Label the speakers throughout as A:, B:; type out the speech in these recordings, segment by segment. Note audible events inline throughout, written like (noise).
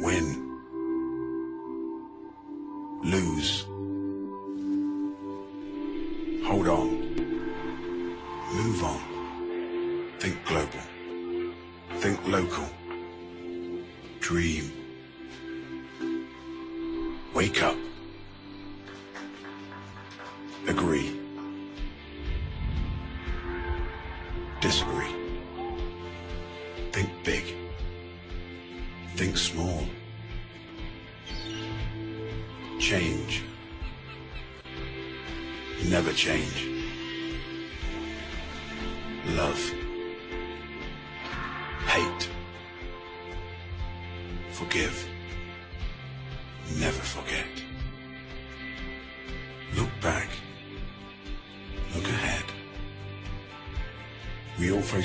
A: win, lose.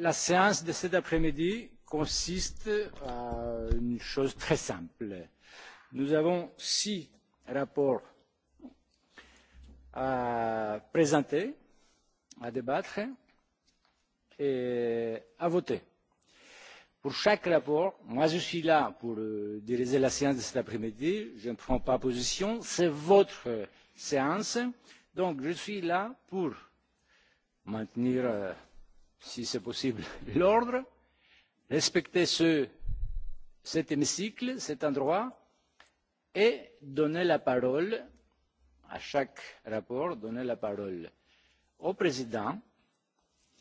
B: La séance de cet après-midi consiste à une chose très simple. Nous avons six rapports à présenter, à débattre et à voter. Pour chaque rapport, moi je suis là pour euh, diriger la séance de cet après-midi, je ne prends pas position, c'est votre séance, donc je suis là pour maintenir euh, si c'est possible, (laughs) l'ordre, respecter ce, cet hémicycle, cet endroit, et donner la parole à chaque rapport, donner la parole au président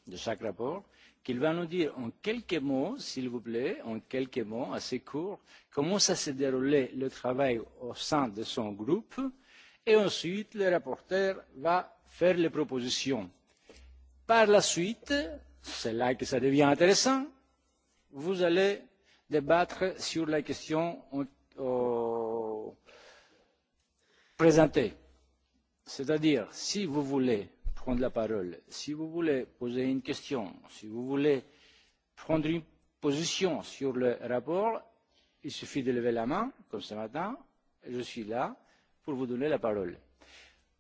B: de chaque rapport, qu'il va nous dire en quelques mots, s'il vous plaît, en quelques mots, assez courts, comment ça s'est déroulé le travail au sein de son groupe, et ensuite le rapporteur va faire les propositions. Par la suite, c'est là que ça devient intéressant, vous allez débattre sur la question présentée. C'est-à-dire, si vous voulez prendre la parole, si vous voulez poser une question, si vous voulez prendre une position sur le rapport, il suffit de lever la main, comme ce matin, et je suis là pour vous donner la parole.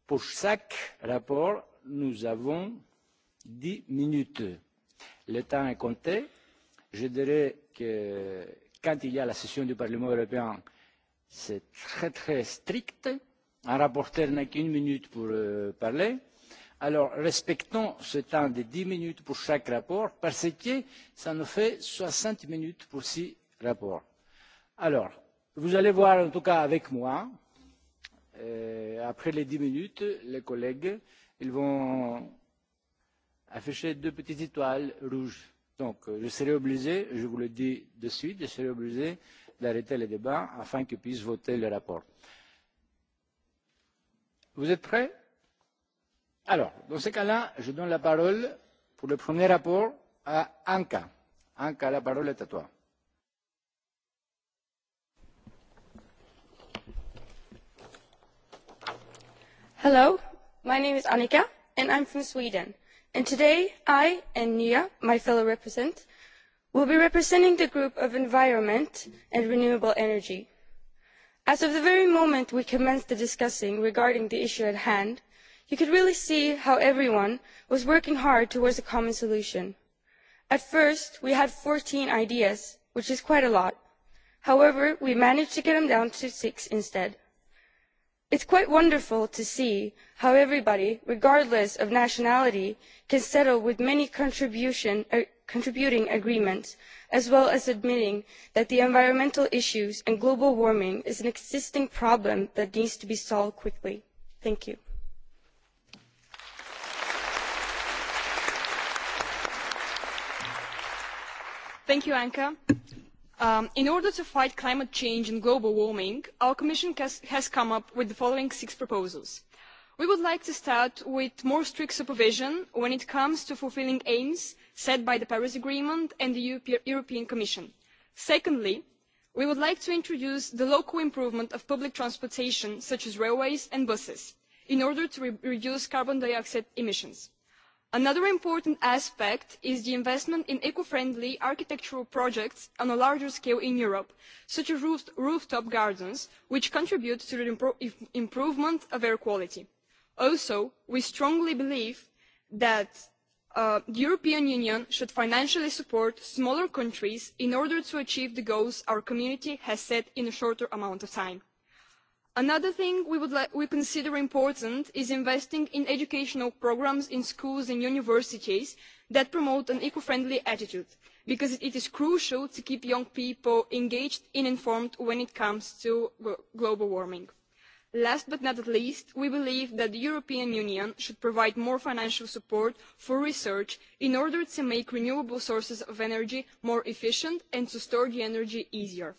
B: Pour chaque rapport, nous avons dix minutes Le temps est compté. Je dirais que quand il y a la session du Parlement européen, c'est très très strict. Un rapporteur n'a qu'une minute pour euh, parler. Alors respectons ce temps de 10 minutes pour chaque rapport parce que ça nous fait 60 minutes pour six rapports. Alors, vous allez voir en tout cas avec moi, euh, après les 10 minutes, les collègues, ils vont afficher deux petites étoiles rouges. Donc, je serai obligé, je vous le dis de suite, je serai obligé d'arrêter le débat afin qu'ils puissent voter le rapport. Vous êtes prêts Alors, dans ce cas-là, je donne la parole pour le premier rapport à Anka. Anka, la parole est à toi.
C: Hello, my name is Annika and I'm from Sweden and today I and Nia, my fellow represent, will be representing the group of environment and renewable energy. As of the very moment we commenced the discussing regarding the issue at hand, you could really see how everyone was working hard towards a common solution. At first, we had fourteen ideas, which is quite a lot. However, we managed to get them down to six instead it is quite wonderful to see how everybody, regardless of nationality, can settle with many uh, contributing agreements, as well as admitting that the environmental issues and global warming is an existing problem that needs to be solved quickly. Thank you.
D: Thank you, Anka. Um, in order to fight climate change and global warming, our Commission has, has come up with the following six proposals. We would like to start with more strict supervision when it comes to fulfilling aims set by the Paris Agreement and the European Commission. Secondly, we would like to introduce the local improvement of public transportation, such as railways and buses, in order to re reduce carbon dioxide emissions another important aspect is the investment in eco friendly architectural projects on a larger scale in europe such as roof rooftop gardens which contribute to the improvement of air quality. also we strongly believe that uh, the european union should financially support smaller countries in order to achieve the goals our community has set in a shorter amount of time. Another thing we, would we consider important is investing in educational programmes in schools and universities that promote an eco-friendly attitude, because it is crucial to keep young people engaged and informed when it comes to global warming. Last but not least, we believe that the European Union should provide more financial support for research in order to make renewable sources of energy more efficient and to store the energy easier.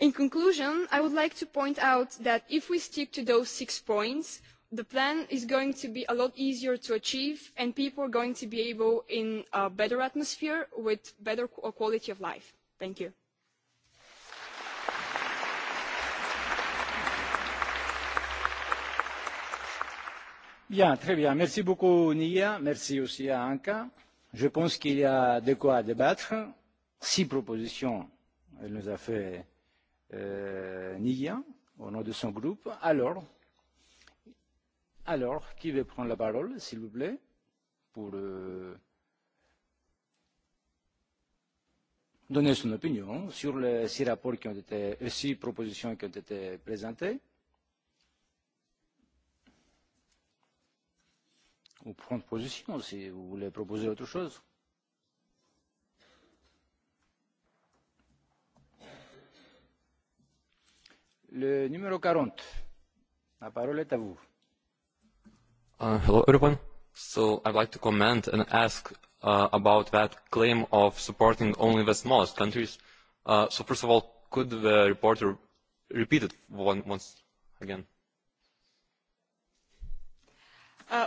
D: In conclusion, I would like to point out that if we stick to those six points, the plan is going to be a lot easier to achieve and people are going to be able in a better atmosphere with better uh, quality of life. Thank you.
B: Bien, très bien. Merci beaucoup, Nia. Merci aussi à Je pense qu'il y a de quoi débattre. Six propositions, elle nous a fait euh, Niya, au nom de son groupe. Alors, alors qui veut prendre la parole, s'il vous plaît, pour euh, donner son opinion sur les six rapports qui ont été, les euh, six propositions qui ont été présentées Ou prendre position si vous voulez proposer autre chose. Le 40.
E: Uh, hello, everyone. So I'd like to comment
F: and ask uh, about that claim of supporting only the smallest countries.
E: Uh, so first of all, could the reporter repeat it once again?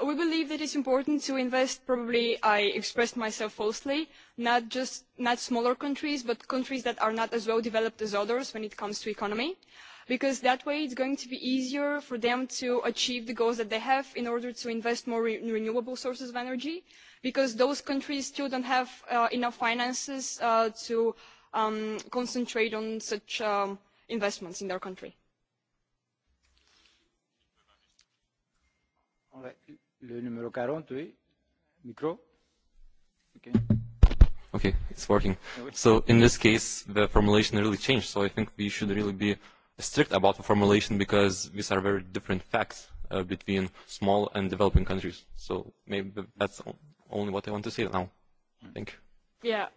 D: we believe that it's important to invest, probably I expressed myself falsely, not just not smaller countries, but countries that are not as well developed as others when it comes to economy because that way it's going to be easier for them to achieve the goals that they have in order to invest more in renewable sources of energy because those countries still don't have uh, enough finances uh, to um, concentrate on such um, investments in their country.
B: Le numéro 40, oui. Micro.
F: Okay. okay, it's working. So in this case, the formulation really changed. So I think we should really be strict about the formulation because these are very different facts uh, between small and developing countries. So maybe that's only what I want to say now. Mm. Thank
D: you. Yeah,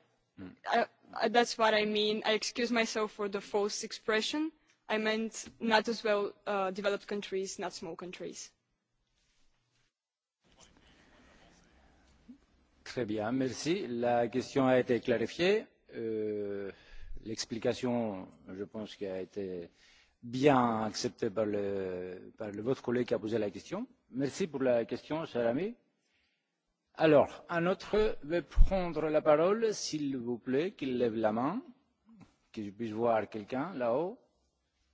D: mm. I, I, that's what I mean. I excuse myself for the false expression. I meant not as well uh, developed countries, not small countries.
B: Très bien, merci. La question a été clarifiée. Euh l'explication, je pense, qui a été bien acceptée par, le, par le, votre collègue qui a posé la question. Merci pour la question, cher ami. Alors, un autre veut prendre la parole, s'il vous plaît, qu'il lève la main, que je puisse voir quelqu'un là-haut,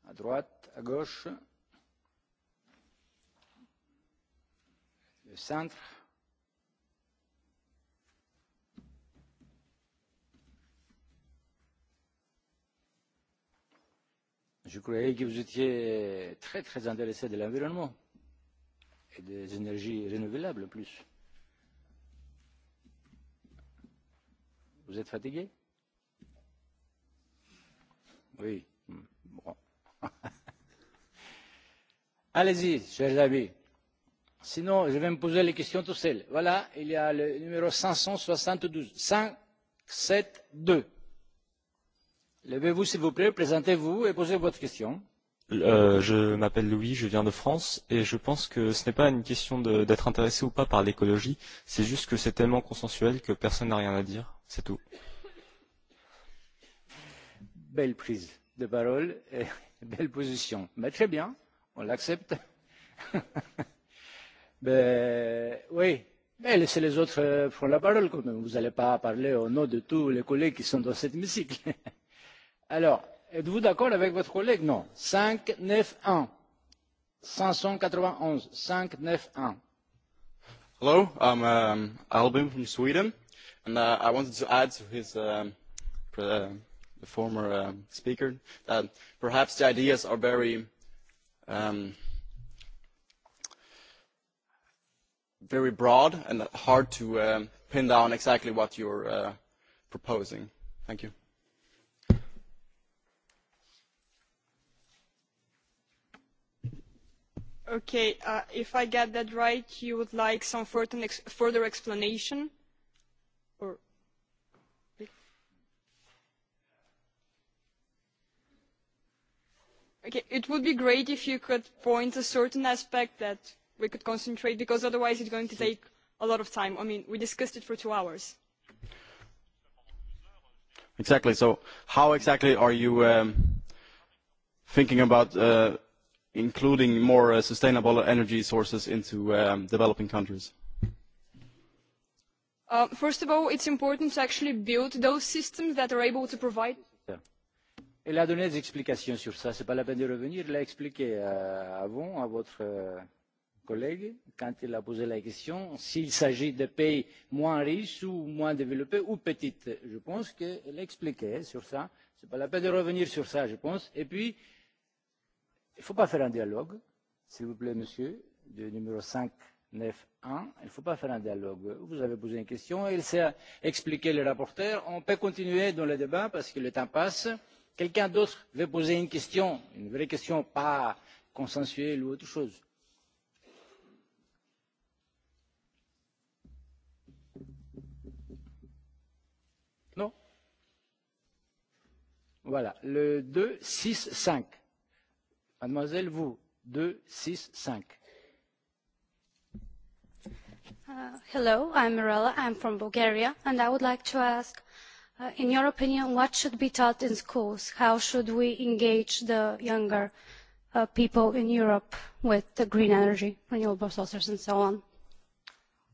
B: à droite, à gauche, le centre. Je croyais que vous étiez très très intéressé de l'environnement et des énergies renouvelables en plus. Vous êtes fatigué Oui. Bon. (laughs) Allez-y, chers amis. Sinon, je vais me poser les questions tout seul. Voilà, il y a le numéro 572. 572. Levez-vous, s'il vous plaît, présentez-vous et posez votre question.
E: Euh, je m'appelle Louis, je viens de France et je pense que ce n'est pas une question d'être intéressé ou pas par l'écologie, c'est juste que c'est tellement consensuel que personne n'a rien à dire, c'est tout.
B: Belle prise de parole et (laughs) belle position. Mais très bien, on l'accepte. (laughs) oui, mais laissez les autres euh, prendre la parole quand même. Vous n'allez pas parler au nom de tous les collègues qui sont dans cet hémicycle. (laughs) Alors, êtes-vous d'accord avec votre collègue Non. 5, 9, 1. 591. 5, 9, 1.
G: Hello, I'm um, Albin
H: from Sweden, and uh, I wanted to add to his um, uh, the former uh, speaker that perhaps the ideas are very um, very broad and hard to um, pin down exactly what you're uh, proposing. Thank you.
D: Okay, uh, if I get that right, you would like some further, ex further explanation? Or Okay, it would be great if you could point a certain aspect that we could concentrate, because otherwise it's going to take a lot of time. I mean, we discussed it for two hours.
H: Exactly. So how exactly are you um, thinking about uh, including more uh, sustainable energy sources into um, developing countries?
D: Uh, first of all, it's important to actually build those systems that are able to provide.
B: Elle a donné des explications sur ça. C'est pas la peine de revenir. Elle l'a expliqué euh, avant à votre euh, collègue quand il a posé la question s'il s'agit de pays moins riches ou moins développés ou petites. Je pense qu'elle a expliqué sur ça. C'est pas la peine de revenir sur ça, je pense. Et puis, Il ne faut pas faire un dialogue, s'il vous plaît, monsieur, de numéro 5, 9, 1. Il ne faut pas faire un dialogue. Vous avez posé une question, il s'est expliqué le rapporteur. On peut continuer dans le débat parce que le temps passe. Quelqu'un d'autre veut poser une question, une vraie question, pas consensuelle ou autre chose. Non Voilà, le 2, 6, 5. Mademoiselle Wu, 265.
C: Uh, hello, I'm Mirella. I'm from Bulgaria, and I would like to ask, uh, in your opinion, what should be taught in schools? How should we engage the younger uh, people in Europe with the green energy, renewable sources, and so on?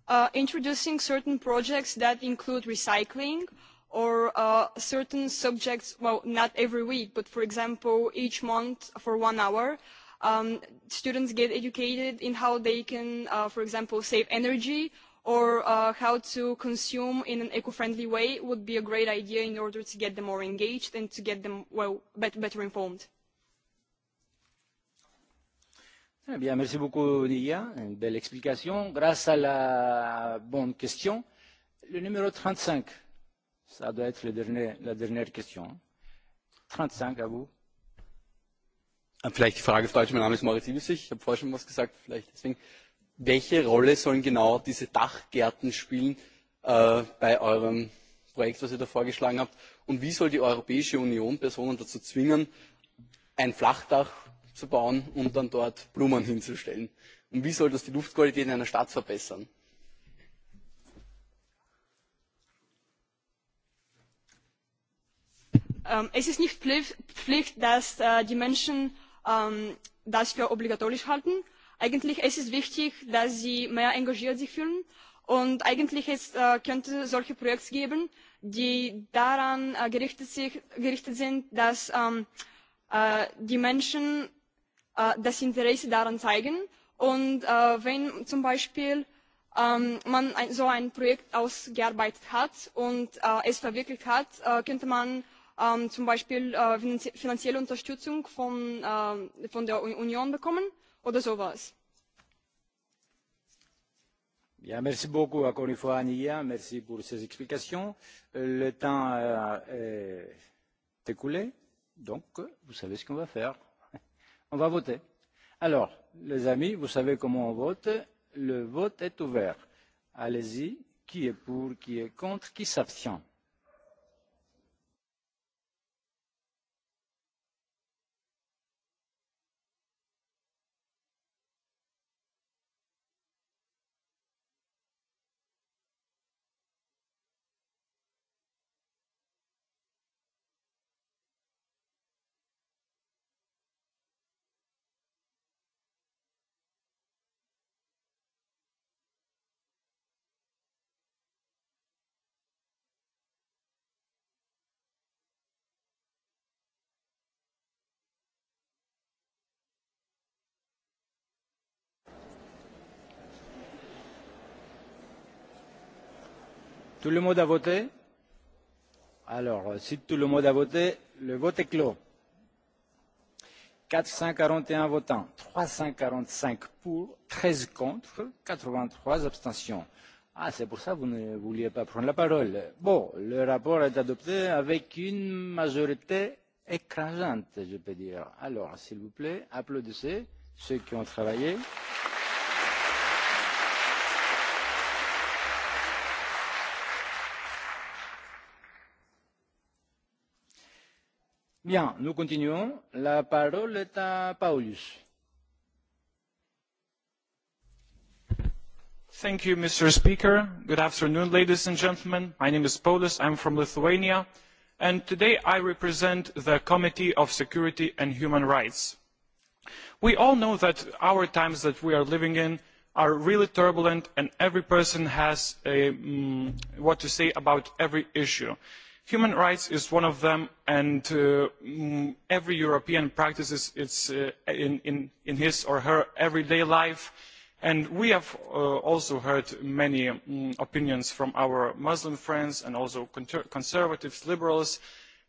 C: Uh, introducing certain
D: projects that include recycling, or uh, certain subjects, well, not every week, but for example, each month for one hour, um, students get educated in how they can, uh, for example, save energy or uh, how to consume in an eco-friendly way would be a great idea in order to get them more engaged and to get them well, bet better informed.
B: Eh bien, merci beaucoup, Nia. Une belle explication. Grâce à la bonne question, le numéro 35, Ça doit être le dernier, la dernière question. 35 à vous.
E: Ah, vielleicht die Frage auf Deutsch. Mein Name ist Moritz Ibisich, Ich habe vorher
H: schon was gesagt. Vielleicht deswegen. Welche Rolle sollen genau diese Dachgärten spielen äh, bei eurem Projekt, was ihr da vorgeschlagen habt? Und wie soll die Europäische Union Personen dazu zwingen, ein Flachdach zu bauen und dann dort Blumen hinzustellen? Und wie soll das die Luftqualität in einer Stadt verbessern?
D: Ähm, es ist nicht Pflicht, Pflicht dass äh, die Menschen ähm, das für obligatorisch halten. Eigentlich es ist es wichtig, dass sie mehr engagiert sich fühlen. Und eigentlich es, äh, könnte solche Projekte geben, die daran äh, gerichtet, sich, gerichtet sind, dass ähm, äh, die Menschen äh, das Interesse daran zeigen. Und äh, wenn zum Beispiel ähm, man ein, so ein Projekt ausgearbeitet hat und äh, es verwirklicht hat, äh, könnte man Ähm, zum Beispiel äh, finanzielle Unterstützung von, äh, von der Union bekommen oder sowas.
B: Bien, merci beaucoup encore une fois Ania, merci pour ces explications. Euh, le temps euh, est écoulé, donc vous savez ce qu'on va faire. (laughs) On va voter. Alors, les amis, vous savez comment on vote. Le vote est ouvert. Allez-y. Qui est pour, qui est contre, qui s'abstient Tout le monde a voté Alors, euh, si tout le monde a voté, le vote est clos. 441 votants, 345 pour, 13 contre, 83 abstentions. Ah, c'est pour ça que vous ne vouliez pas prendre la parole. Bon, le rapport est adopté avec une majorité écrasante, je peux dire. Alors, s'il vous plaît, applaudissez ceux qui ont travaillé. Applaudissements Bien, nous continuons. La parole est à Paulus.
I: Thank you, Mr. Speaker. Good afternoon, ladies and gentlemen. My name is Paulus. I'm from Lithuania. And today I represent the Committee of Security and Human Rights. We all know that our times that we are living in are really turbulent and every person has a, um, what to say about every issue. Human rights is one of them, and uh, mm, every European practices it uh, in, in, in, his or her everyday life. And we have uh, also heard many um, opinions from our Muslim friends and also conservatives, liberals,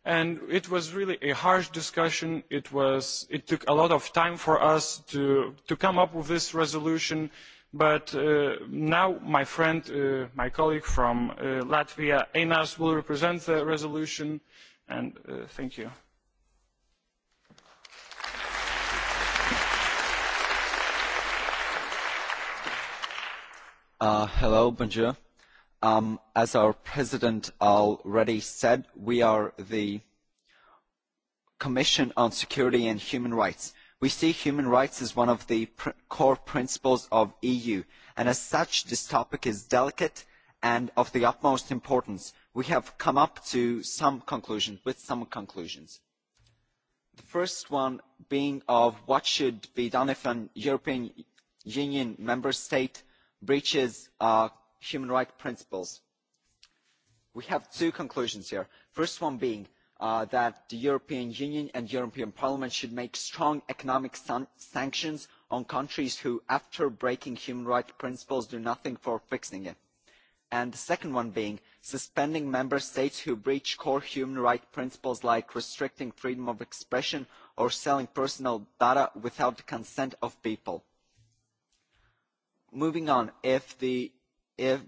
I: and it was really a harsh discussion. It, was, it took a lot of time for us to, to come up with this resolution. But uh, now my friend, uh, my colleague from uh, Latvia, Einars, will represent the resolution, and uh, thank you.
H: Uh, hello, bonjour. Um, as our president already said, we are the Commission on Security and Human Rights We see human rights as one of the pr core principles of EU, and as such, this topic is delicate and of the utmost importance. We have come up to some conclusions, with some conclusions. The first one being of what should be done if a European Union member state breaches uh, human rights principles. We have two conclusions here. First one being Uh, that the European Union and European Parliament should make strong economic sanctions on countries who, after breaking human rights principles, do nothing for fixing it. And the second one being suspending member states who breach core human rights principles like restricting freedom of expression or selling personal data without the consent of people. Moving on, if the if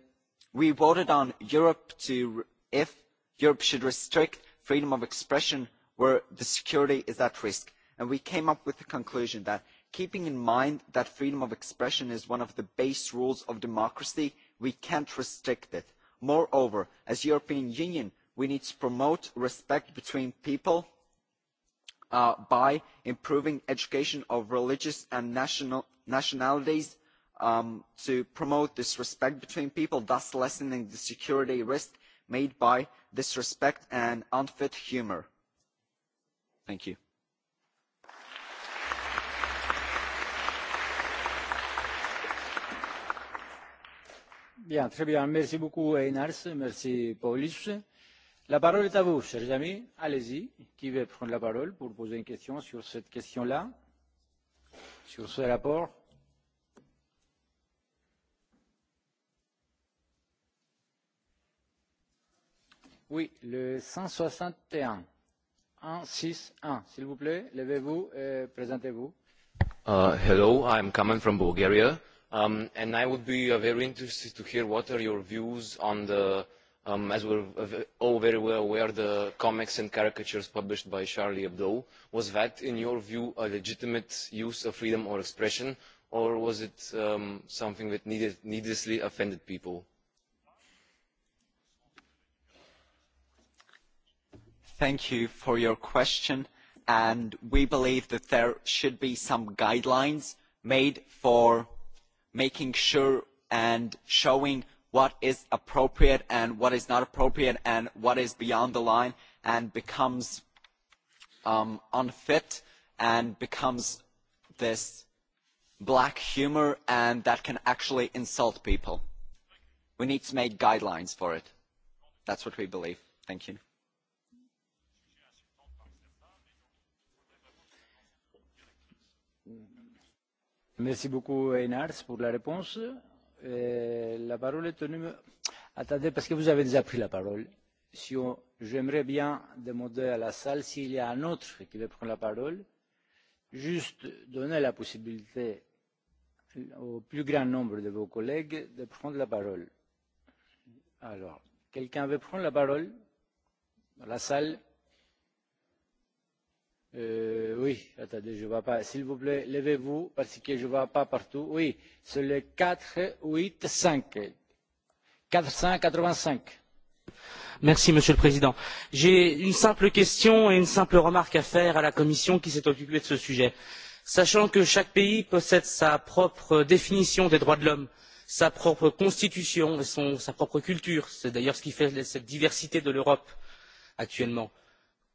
H: we voted on Europe to if Europe should restrict freedom of expression where the security is at risk. And we came up with the conclusion that keeping in mind that freedom of expression is one of the base rules of democracy, we can't restrict it. Moreover, as European Union, we need to promote respect between people uh, by improving education of religious and national, nationalities um, to promote this respect between people, thus lessening the security risk made by disrespect and unfit humor. Thank you.
B: Bien, très bien. Merci beaucoup, Einars. Merci, Paulus. La parole est à vous, chers amis. Allez-y. Qui veut prendre la parole pour poser une question sur cette question-là, sur ce rapport Oui, le 161. 161, s'il vous plaît. Levez-vous et présentez-vous.
E: Uh, hello, I'm coming
F: from Bulgaria. Um, and I would be uh, very interested to hear what are your views on the, um, as we're all very well aware, the comics and caricatures published by Charlie Hebdo. Was that, in your view, a legitimate use of freedom or expression, or
H: was it um, something that needed, needlessly offended people? thank you for your question. And we believe that there should be some guidelines made for making sure and showing what is appropriate and what is not appropriate and what is beyond the line and becomes um, unfit and becomes this black humor and that can actually insult people. We need to make guidelines for it. That's what we believe. Thank you.
B: Merci beaucoup, Einars, euh, on... J'aimerais bien demander à la salle s'il y a un autre qui veut prendre la parole. Juste donner la possibilité au plus grand nombre de vos collègues de prendre la parole. Alors, quelqu'un veut prendre la parole dans la salle Euh, oui, attendez, je ne vois pas. S'il vous plaît, levez-vous parce que je ne vois pas partout. Oui, c'est le 485. 485. Merci, Monsieur le Président.
F: J'ai une simple question et une simple remarque à faire à la Commission qui s'est occupée de ce sujet. Sachant que chaque pays possède sa propre définition des droits de l'homme, sa propre constitution et son, sa propre culture, c'est d'ailleurs ce qui fait cette diversité de l'Europe actuellement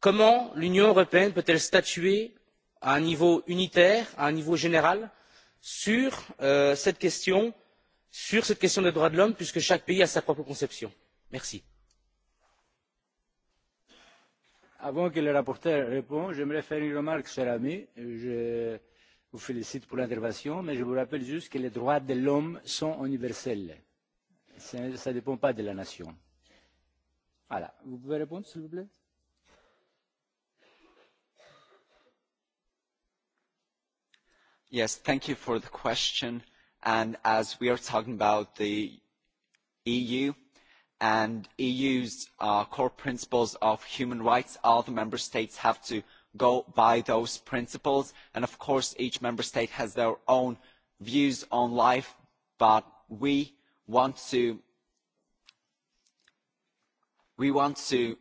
F: comment l'union européenne peut elle statuer à un niveau unitaire à un niveau général euh, sur cette question des droits de l'homme puisque chaque pays a sa propre conception?
B: merci. avant que le rapporteur ne réponde j'aimerais faire une remarque cher ami. je vous félicite pour l'intervention mais je vous rappelle juste que les droits de l'homme sont universels. cela ne dépend pas de la nation. voilà. vous pouvez répondre s'il vous plaît?
H: Yes, thank you for the question. And as we are talking about the EU and EU's core principles of human rights, all the member states have to go by those principles. And of course, each member state has their own views on life, but we want to we want to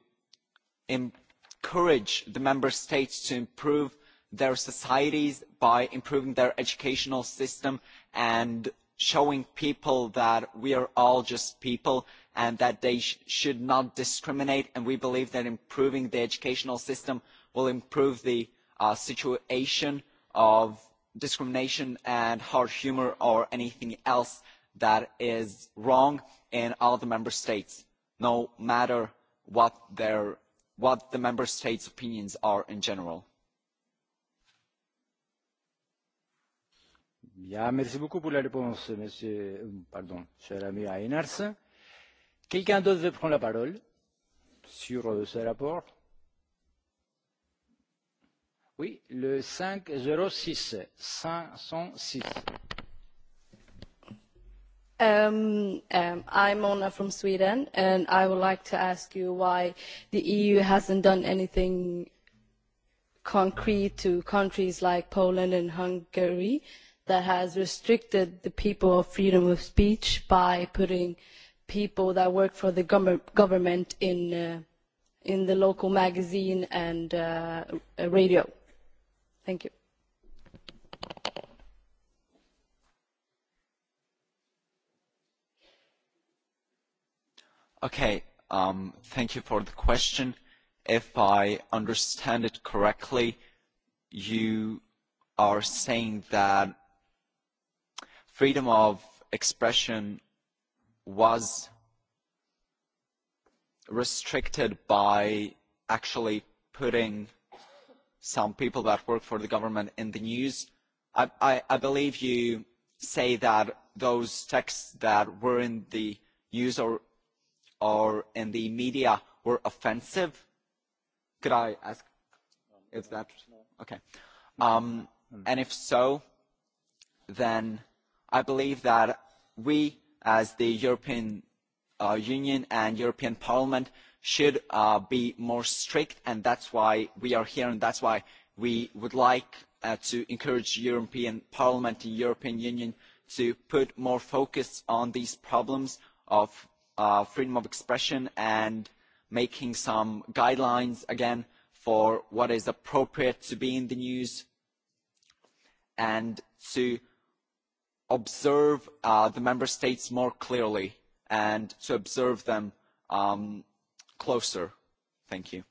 H: encourage the member states to improve their societies by improving their educational system and showing people that we are all just people and that they sh should not discriminate. And we believe that improving the educational system will improve the uh, situation of discrimination and hard humor or anything else that is wrong in all the member states, no matter what, their, what the member states' opinions are in
B: general. Bien, merci beaucoup pour la réponse, monsieur, pardon, cher ami Einars. Quelqu'un d'autre veut prendre la parole sur euh, ce rapport Oui, le 506, 506.
C: Um, um, I'm Mona from Sweden, and I would like to ask you why the EU hasn't done anything concrete to countries like Poland and Hungary that has restricted the people of freedom of speech by putting people that work for the government in, uh, in the local magazine and uh, radio. Thank you.
H: Okay, um, thank you for the question. If I understand it correctly, you are saying that freedom of expression was restricted by actually putting some people that work for the government in the news. I, I, I believe you say that those texts that were in the news or, or in the media were offensive. Could I ask if that? Okay. Um, and if so, then I believe that we, as the European uh, Union and European Parliament, should uh, be more strict, and that's why we are here, and that's why we would like uh, to encourage European Parliament and European Union to put more focus on these problems of uh, freedom of expression and making some guidelines again for what is appropriate to be in the news and to observe uh, the member states more clearly and to observe them um, closer. Thank you.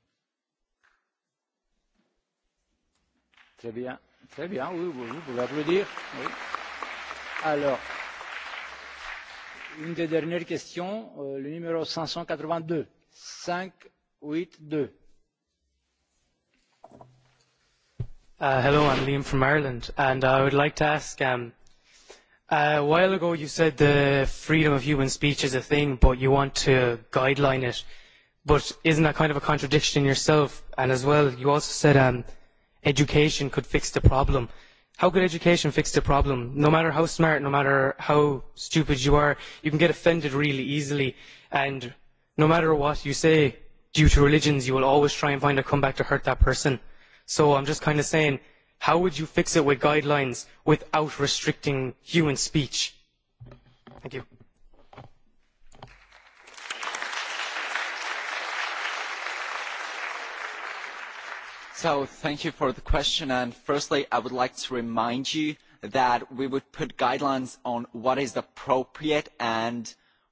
B: Très bien, très bien. Oui, oui, vous pouvez applaudir. Oui. Alors, une des dernières questions, euh, le numéro 582, 582.
F: Uh, hello, I'm Liam from Ireland, and I would like to ask um, Uh, a while ago, you said the freedom of human speech is a thing, but you want to guideline it. But isn't that kind of a contradiction in yourself? And as well, you also said um, education could fix the problem. How could education fix the problem? No matter how smart, no matter how stupid you are, you can get offended really easily. And no matter what you say, due to religions, you will always try and find a comeback to hurt that person. So I'm just kind of saying, how would you fix it with guidelines without restricting human speech? Thank you. So
H: thank you for the question. And firstly, I would like to remind you that we would put guidelines on what is appropriate and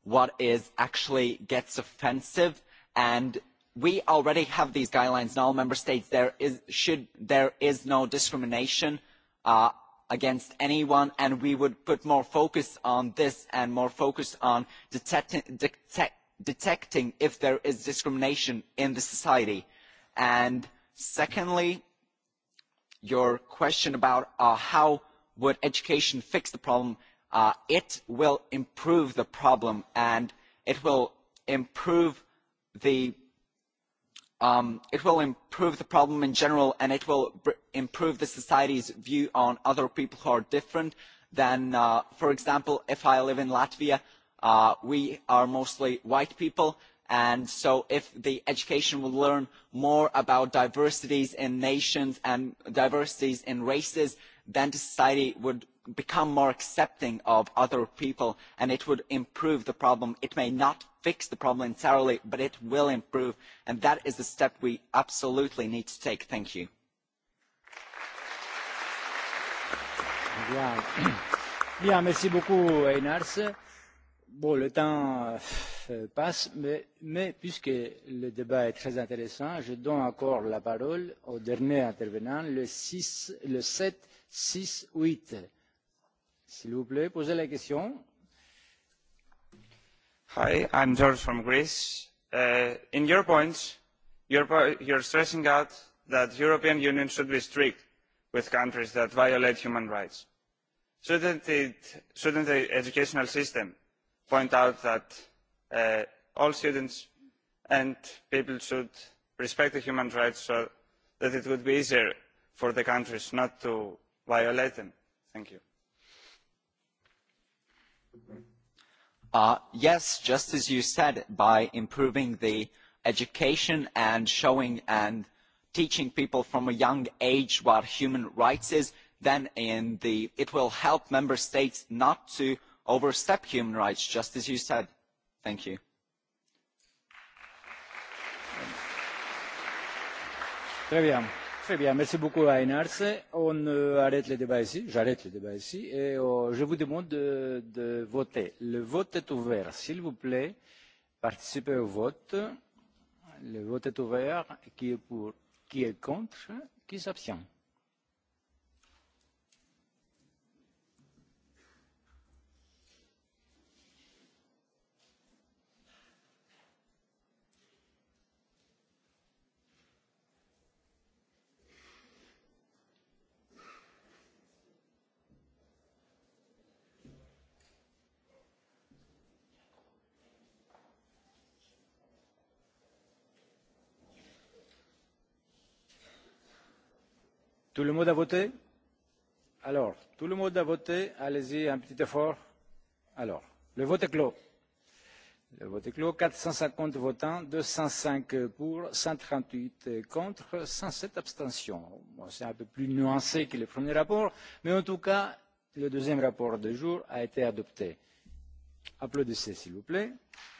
H: what is actually gets offensive and we already have these guidelines in all member states. There is, no discrimination uh, against anyone, and we would put more focus on this and more focus on detecting, detecting if there is discrimination in the society. And secondly, your question about uh, how would education fix the problem, uh, it will improve the problem and it will improve the Um, it will improve the problem in general and it will improve the society's view on other people who are different than, uh, for example, if I live in Latvia, uh, we are mostly white people. And so if the education will learn more about diversities in nations and diversities in races, then the society would become more accepting of other people and it would improve the problem. It may not fix the problem entirely, but it will improve, and that is the step we absolutely need to take. Thank you.
B: Bien. (clears throat) Bien, merci beaucoup, Einars. Bon, le temps euh, passe, mais, mais puisque le débat est très intéressant, je donne encore la parole au dernier intervenant, le, 6, le 7 6 8. S'il vous
I: plaît, posez la question Hi, I'm George from Greece. Uh, in your points, you are stressing that the European Union should be strict with countries that violate human rights. should the educational system point out that uh, all students and people should respect human rights so that it would be easier for the countries not to violate them?
H: Uh, yes, just as you said, by improving the education and showing and teaching people from a young age what human rights is, then in the, it will help member states not to overstep human rights, just as you said. Thank you.
B: Très bien. Très bien, merci beaucoup Einars. On euh, arrête le débat ici, j'arrête le débat ici et euh, je vous demande de, de voter. Le vote est ouvert, s'il vous plaît, participez au vote. Le vote est ouvert, qui est pour, qui est contre, qui s'abstient. Tout le monde a voté Alors, tout le monde a voté. Allez-y, un petit effort. Alors, le vote est clos. Le vote est clos. 450 votants, 205 pour, 138 contre, 107 abstentions. Bon, C'est un peu plus nuancé que le premier rapport, mais en tout cas, le deuxième rapport du jour a été adopté. Applaudissez, s'il vous plaît. Applaudissements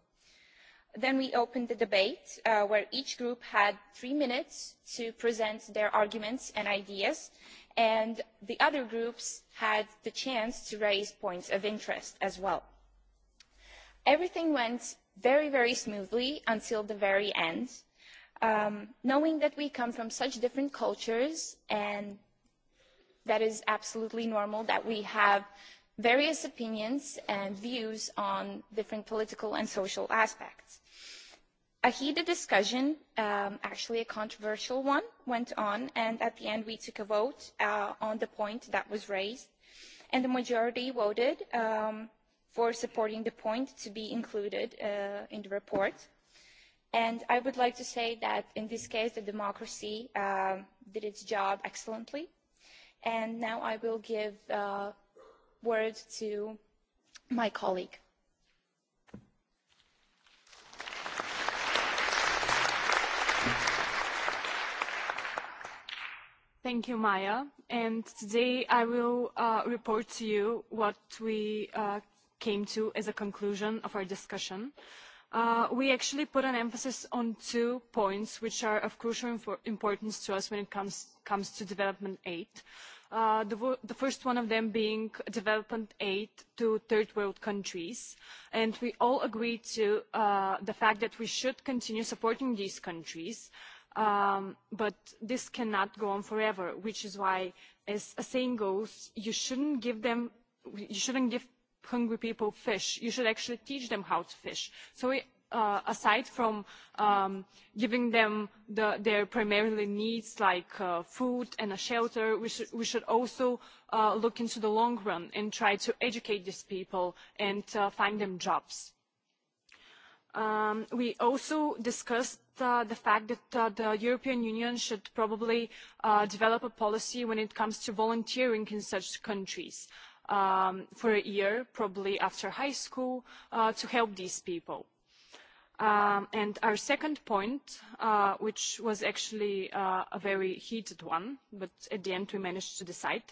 J: Then we opened the debate uh, where each group had three minutes to present their arguments and ideas, and the other groups had the chance to raise points of interest as well. Everything went very, very smoothly until the very end. Um, knowing that we come from such different cultures and that is absolutely normal that we have various opinions and views on different political and social aspects a heated discussion, um, actually a controversial one, went on, and at the end we took a vote uh, on the point that was raised, and the majority voted um, for supporting the point to be included uh, in the report. And I would like to say that in this case, the democracy uh, did its job excellently. And now I will give uh, words to my colleague.
K: Thank you, Maya. And today I will uh, report to you what we uh, came to as a conclusion of our discussion. Uh, we actually put an emphasis on two points which are of crucial importance to us when it comes, comes to development aid. Uh, the, the first one of them being development aid to third world countries. And we all agreed to uh, the fact that we should continue supporting these countries Um, but this cannot go on forever, which is why, as a saying goes, you shouldn't give them, you shouldn't give hungry people fish. You should actually teach them how to fish. So we, uh, aside from um, giving them the, their primarily needs like uh, food and a shelter, we, sh we should also uh, look into the long run and try to educate these people and uh, find them jobs. Um, we also discussed uh, the fact that uh, the European Union should probably uh, develop a policy when it comes to volunteering in such countries um, for a year, probably after high school, uh, to help these people. Um, and our second point, uh, which was actually uh, a very heated one, but at the end we managed to decide,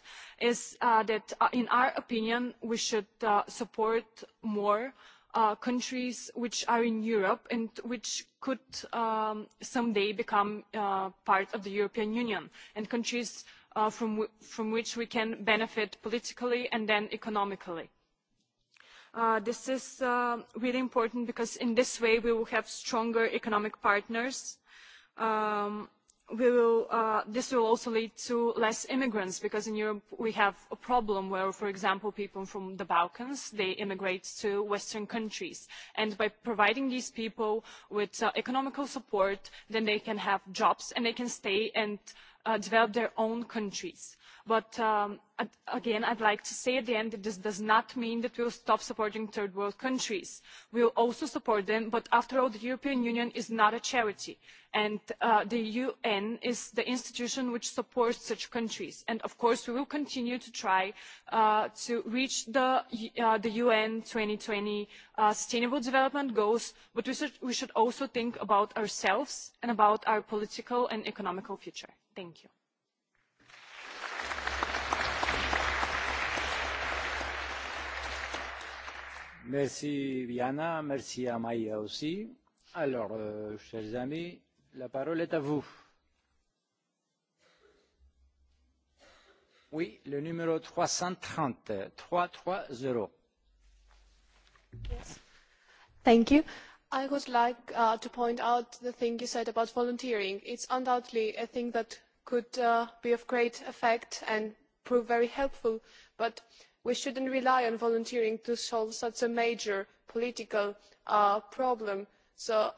K: is uh, that uh, in our opinion we should uh, support more uh, Uh, countries which are in Europe and which could um, someday become uh, part of the European Union and countries uh, from, w from which we can benefit politically and then economically. Uh, this is uh, really important because in this way we will have stronger economic partners um, we will, uh, this will also lead to less immigrants because in Europe we have a problem where, for example, people from the Balkans, they immigrate to Western countries. And by providing these people with uh, economical support, then they can have jobs and they can stay and uh, develop their own countries But um, at, again, I'd like to say at the end that this does not mean that we will stop supporting third world countries. We will also support them, but after all, the European Union is not a charity. And uh, the UN is the institution which supports such countries. And of course, we will continue to try uh, to reach the, uh, the UN 2020 uh, Sustainable Development Goals, but we should, we should also think about ourselves and about our political and economical future. Thank you.
B: Merci Viana, merci Amaya aussi. Alors, euh, chers amis, la parole est à vous. Oui, le numéro 330, 330.
K: Yes. Thank you.
D: I would like uh, to point out the thing you said about volunteering. It's undoubtedly a thing that could uh, be of great effect and prove very helpful, but we should not rely on volunteering to solve such a major political uh, problem.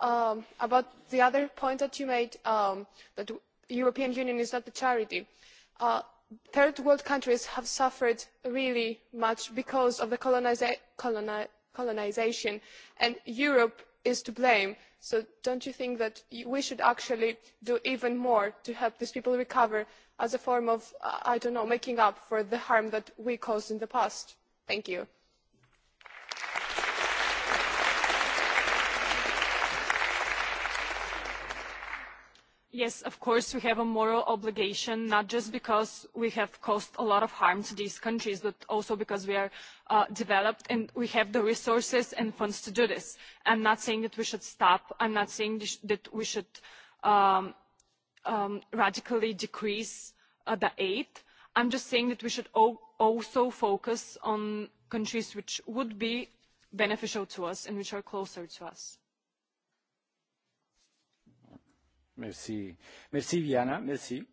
D: Um, about the other point that you made, um, that the European Union is not a charity, uh, third world countries have suffered really much because of colonisation, and Europe is to blame So do you not think that we should actually do even more to help these people recover as a form of, uh, I don't know, making up for the harm that we caused in the past?
K: Yes, of course, we have a moral obligation, not just because we have caused a lot of harm to these countries, but also because we are uh, developed and we have the resources and funds to do this. I'm not saying that we should stop. I'm not saying that we should um, um, radically decrease uh, the aid. I'm just saying that we should also focus on countries which would be beneficial to us and which are closer to us.
B: Merci. Merci Viana, merci.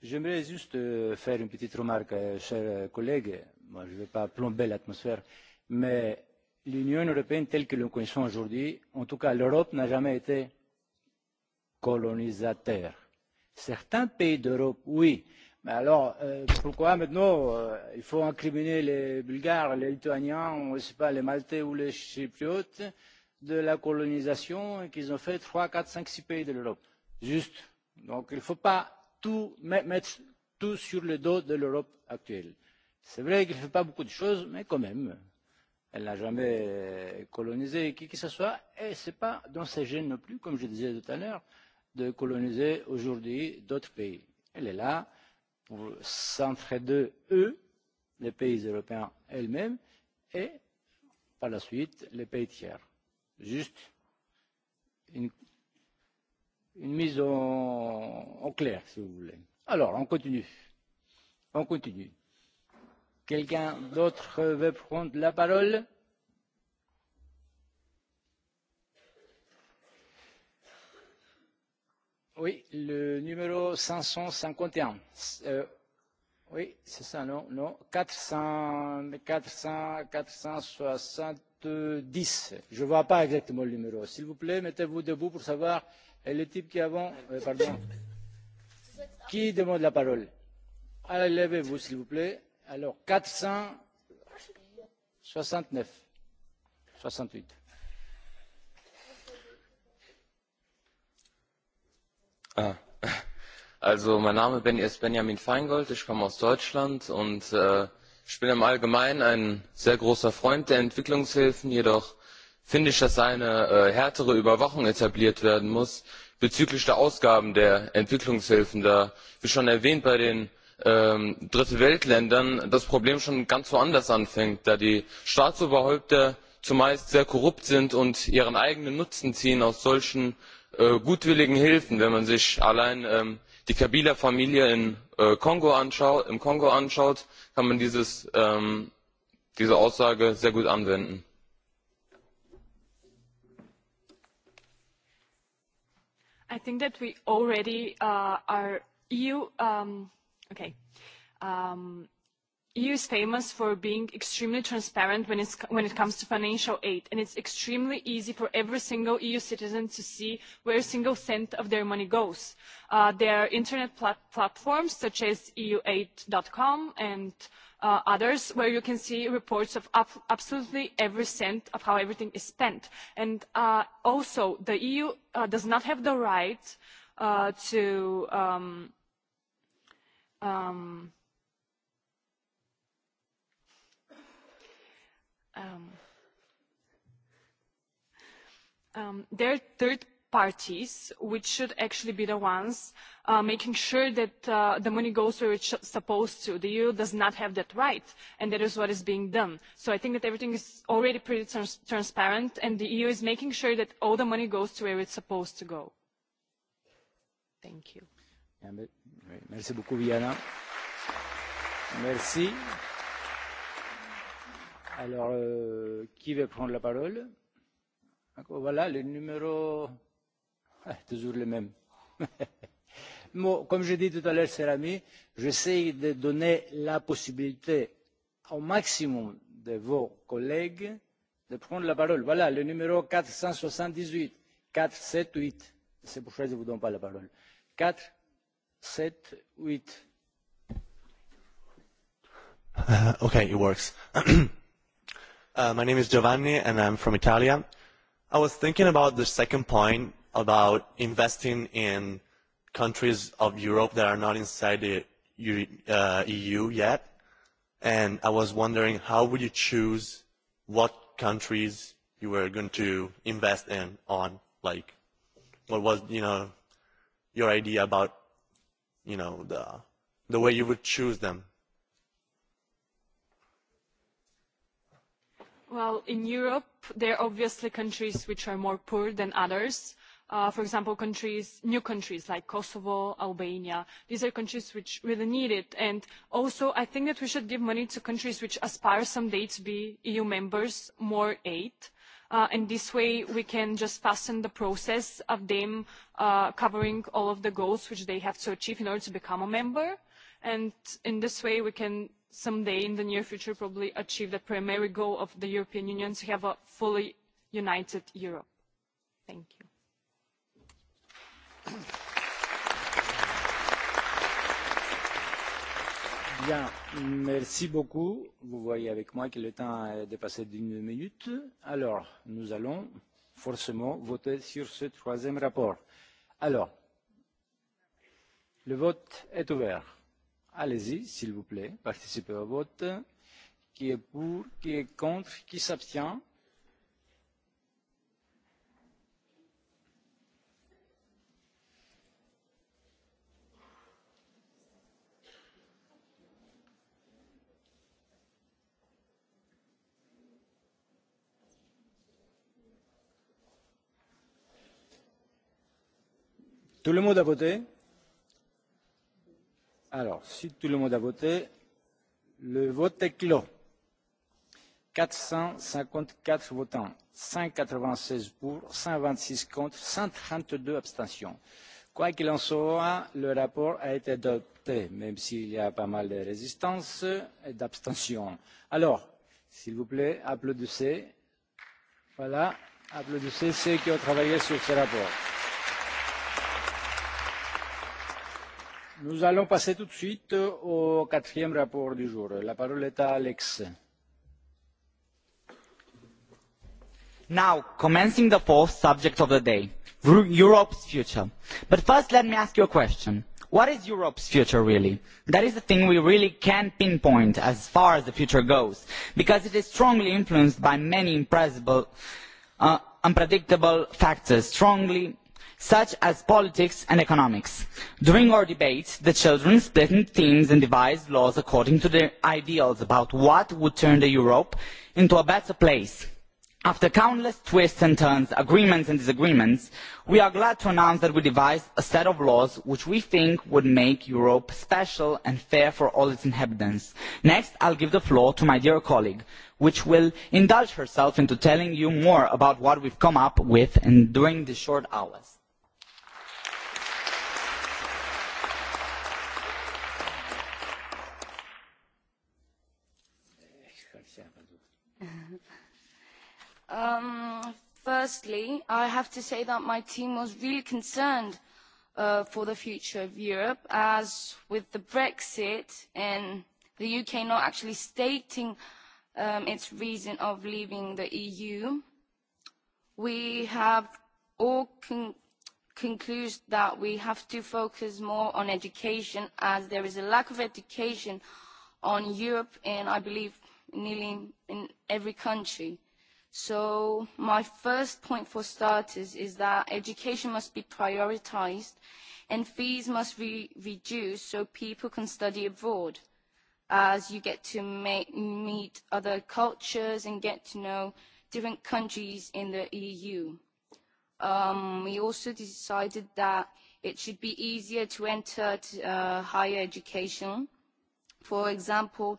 B: J'aimerais juste euh, faire une petite remarque, euh, chers collègues. Moi, je ne vais pas plomber l'atmosphère, mais l'Union européenne telle que nous connaissons aujourd'hui, en tout cas l'Europe n'a jamais été colonisateur. Certains pays d'Europe, oui. Mais alors, euh, pourquoi maintenant euh, il faut incriminer les Bulgares, les Lituaniens, ou, je sais pas, les Maltais ou les Chypriotes de la colonisation qu'ils ont fait 3, 4, 5, 6 pays de l'Europe juste. Donc il ne faut pas tout mettre tout sur le dos de l'Europe actuelle. C'est vrai qu'elle ne fait pas beaucoup de choses, mais quand même, elle n'a jamais euh, colonisé qui que ce soit, et ce n'est pas dans ses gènes non plus, comme je disais tout à l'heure, de coloniser aujourd'hui d'autres pays. Elle est là pour s'entraider, eux, les pays européens elles-mêmes, et par la suite, les pays tiers. Juste une une mise en, en clair, si vous voulez. Alors, on continue. On continue. Quelqu'un d'autre veut prendre la parole Oui, le numéro 551. Euh, oui, c'est ça, non, non. 400, 400, 470. Je ne vois pas exactement le numéro. S'il vous plaît, mettez-vous debout pour savoir et le type qui avant, euh, pardon, qui demande la parole Allez, levez-vous s'il vous plaît. Alors,
A: 469,
B: 68.
F: Ah. Also mein Name ist Benjamin Feingold, ich komme aus Deutschland und äh, ich bin im Allgemeinen ein sehr großer Freund der Entwicklungshilfen, jedoch finde ich, dass eine äh, härtere Überwachung etabliert werden muss bezüglich der Ausgaben der Entwicklungshilfen, da, wie schon erwähnt, bei den ähm, Dritte Weltländern das Problem schon ganz woanders anfängt, da die Staatsoberhäupter zumeist sehr korrupt sind und ihren eigenen Nutzen aus solchen äh, gutwilligen Hilfen. ziehen. Wenn man sich allein ähm, die Kabila-Familie äh, im Kongo anschaut, kann man ähm, diese Aussage sehr gut anwenden.
K: I think that we already uh, are EU. Um, okay. Um, EU is famous for being extremely transparent when, it's, when it comes to financial aid, and it's extremely easy for every single EU citizen to see where a single cent of their money goes. Uh, there are internet plat- platforms such as EUAid.com and uh, uh, others where you can see reports of up, absolutely every cent of how everything is spent. And uh, also, the EU uh, does not have the right uh, to um, um, um, um, their third parties, which should actually be the ones uh, making sure that uh, the money goes where it's supposed to. The EU does not have that right, and that is what is being done. So I think that everything is already pretty trans transparent, and the EU is making sure that all the money goes to where it's supposed to go.
B: Thank you. Merci beaucoup, Viana. Merci. Alors, euh, qui veut prendre la parole Voilà, le numéro (laughs) toujours le même. (laughs) Moi, comme je dit tout à l'heure, cher ami, j'essaie de donner la possibilité au maximum de vos collègues de prendre la parole. Voilà, le numéro 478, 478. C'est pour ça que je ne vous donne pas la parole. 478.
F: Uh, okay, it works. (clears throat) uh, my name is Giovanni and I'm from
L: Italia. I was thinking about the second point about investing in countries of Europe that are not inside the EU, uh, EU yet. And I was wondering how would you choose what countries you were going to invest in on? Like, what was, you know,
G: your idea about, you know, the, the way you would choose them?
K: Well, in Europe, there are obviously countries which are more poor than others uh, for example, countries, new countries like Kosovo, Albania. These are countries which really need it. And also, I think that we should give money to countries which aspire someday to be EU members, more aid. Uh, and this way, we can just fasten the process of them uh, covering all of the goals which they have to achieve in order to become a member. And in this way, we can someday in the near future probably achieve the primary goal of the European Union to have a fully united Europe. Thank you.
B: Bien, merci beaucoup. Vous voyez avec moi que le temps est dépassé d'une minute. Alors, nous allons forcément voter sur ce troisième rapport. Alors, le vote est ouvert. Allez-y, s'il vous plaît, participez au vote. Qui est pour, qui est contre, qui s'abstient Tout le monde a voté Alors, si tout le monde a voté, le vote est clos. 454 votants, 196 pour, 126 contre, 132 abstentions. Quoi qu'il en soit, le rapport a été adopté, même s'il y a pas mal de résistance et d'abstention. Alors, s'il vous plaît, applaudissez. Voilà, applaudissez ceux qui ont travaillé sur ce rapport. Nous allons passer tout de suite euh, au quatrième rapport du jour. La parole est à Alex.
G: Now, commencing the fourth subject of the day, Europe's future. But first, let me ask you a question. What is Europe's future really? That is the thing we really can pinpoint as far as the future goes, because it is strongly influenced by many impressible, uh, unpredictable factors, strongly such as politics and economics. During our debates, the children split into teams and devised laws according to their ideals about what would turn the Europe into a better place. After countless twists and turns, agreements and disagreements, we are glad to announce that we devised a set of laws which we think would make Europe special and fair for all its inhabitants. Next, I'll give the floor to my dear colleague, which will indulge herself into telling you more about what we've come up with during these short hours.
C: Um, firstly, I have to say that my team was really concerned uh, for the future of Europe, as with the Brexit and the UK not actually stating um, its reason of leaving the EU, we have all con concluded that we have to focus more on education as there is a lack of education on Europe and I believe nearly in every country. So my first point for starters is that education must be prioritised and fees must be reduced so people can study abroad as you get to make, meet other cultures and get to know different countries in the EU. Um, we also decided that it should be easier to enter to, uh, higher education. For example,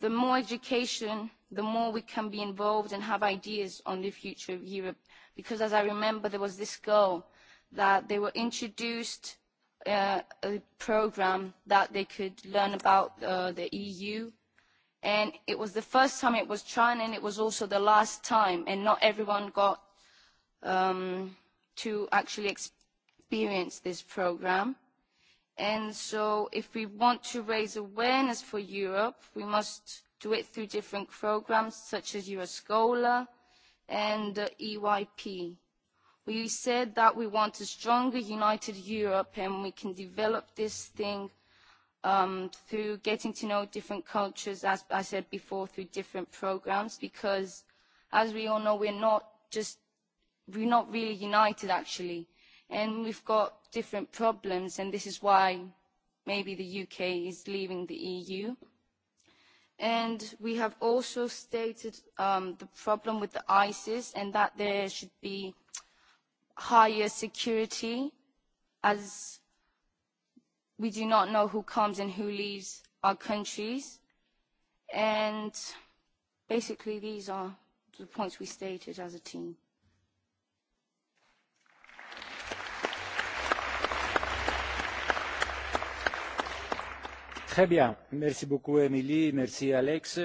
C: the more education the more we can be involved and have ideas on the future of Europe. Because as I remember, there was this girl that they were introduced uh, a program that they could learn about uh, the EU. And it was the first time it was trying, and it was also the last time, and not everyone got um, to actually experience this program. And so if we want to raise awareness for Europe, we must – do it through different programs such as Euroscola and uh, EYP. We said that we want a stronger, united Europe, and we can develop this thing um, through getting to know different cultures, as I said before, through different programs, because as we all know, we're not just, we're not really united, actually. And we've got different problems, and this is why maybe the UK is leaving the EU And we have also stated um, the problem with the ISIS and that there should be higher security as we do not know who comes and who leaves our countries. And basically these are the points we stated as a team.
B: Très bien. Merci beaucoup, Émilie. Merci, Alex.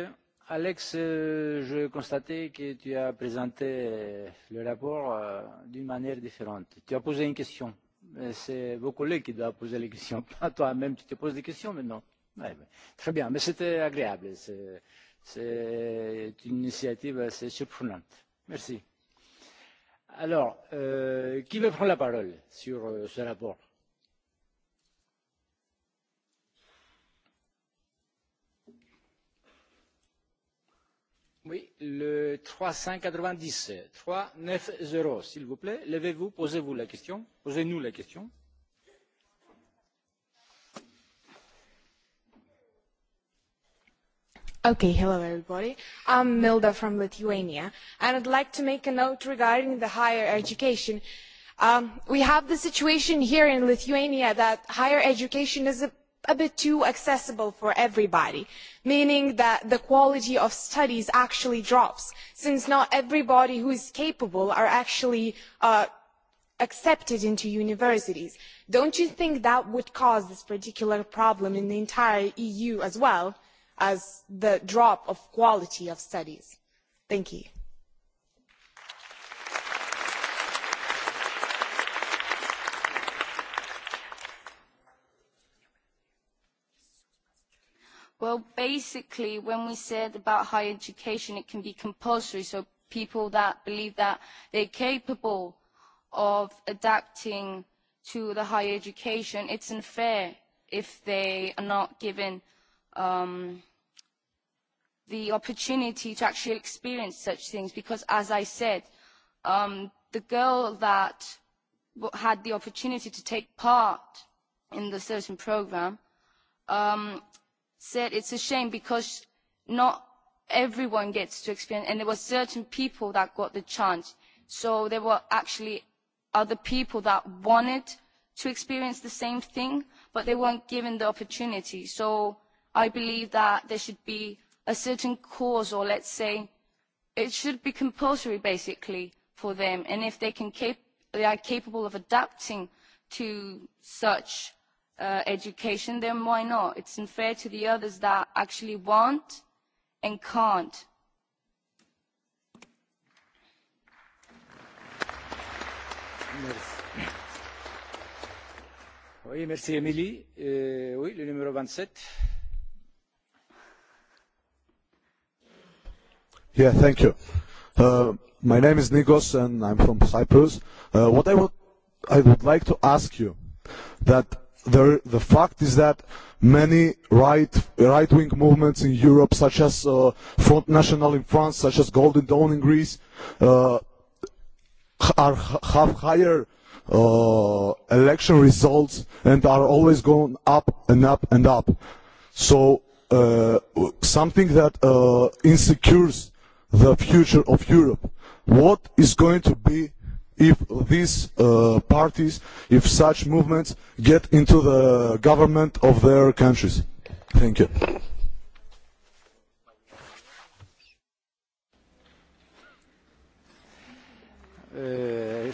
B: Alex, euh, je constatais que tu as présenté le rapport euh, d'une manière différente. Tu as posé une question. Euh, c'est vos collègues qui doivent poser les questions, (laughs) pas toi-même. Tu te poses des questions maintenant. Ouais, très bien, mais c'était agréable. C'est une initiative assez surprenante. Merci. Alors, euh, qui veut prendre la parole sur euh, ce rapport Oui, le 390, 390, s'il vous plaît. Levez-vous, posez-vous la question. Posez-nous la question.
J: Okay, hello
D: everybody. I'm Milda from Lithuania, and I'd like to make a note
J: regarding the higher education. Um, we have the situation here in Lithuania that higher education is a a bit too accessible for everybody, meaning that the quality of studies actually drops, since not everybody who is capable
D: are actually uh, accepted into universities. Don't you think
J: that would cause this particular problem in the entire EU as well as the drop of quality of studies? Thank you.
C: Well, basically, when we said about higher education, it can be compulsory. So people that believe that they're capable of adapting to the higher education, it's unfair if they are not given um, the opportunity to actually experience such things. Because as I said, um, the girl that had the opportunity to take part in the certain program um, said it's a shame because not everyone gets to experience, and there were certain people that got the chance. So there were actually other people that wanted to experience the same thing, but they weren't given the opportunity. So I believe that there should be a certain cause, or let's say, it should be compulsory basically for them. And if they can cap- they are capable of adapting to such uh, education, then why not? It's unfair to the others that actually want and can't.
B: Oui, merci Emily. Euh, oui, le numéro 27.
G: Yeah, thank you. Uh, my name is Nikos and I'm from Cyprus. Uh, what I would, I would like to ask you that the, the fact is that many right, right-wing movements in Europe, such as uh, Front National in France, such as Golden Dawn in Greece, uh, are, have higher uh, election results and are always going up and up and up. So uh, something that uh, insecures the future of Europe. What is going to be if these uh, parties, if such movements get into the government of their countries. Thank you.
B: Euh,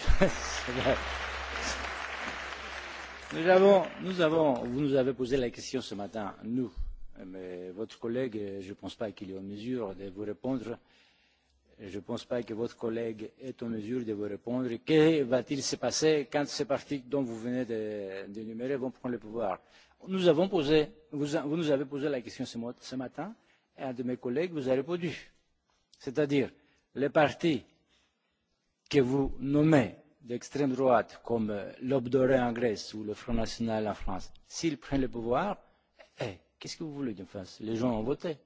B: (laughs) nous avons, nous avons, vous nous avez posé la question ce matin, nous, mais votre collègue, je ne pense pas qu'il est en mesure de vous répondre euh, je ne pense pas que votre collègue est en mesure de vous répondre. Que va-t-il se passer quand ces partis dont vous venez d'énumérer vont prendre le pouvoir Nous avons posé, vous, vous nous avez posé la question ce, ce matin, et un de mes collègues vous a répondu. C'est-à-dire, les partis que vous nommez d'extrême droite, comme euh, l'Aube dorée en Grèce ou le Front National en France, s'ils prennent le pouvoir, eh, eh qu'est-ce que vous voulez qu'ils fassent Les gens ont voté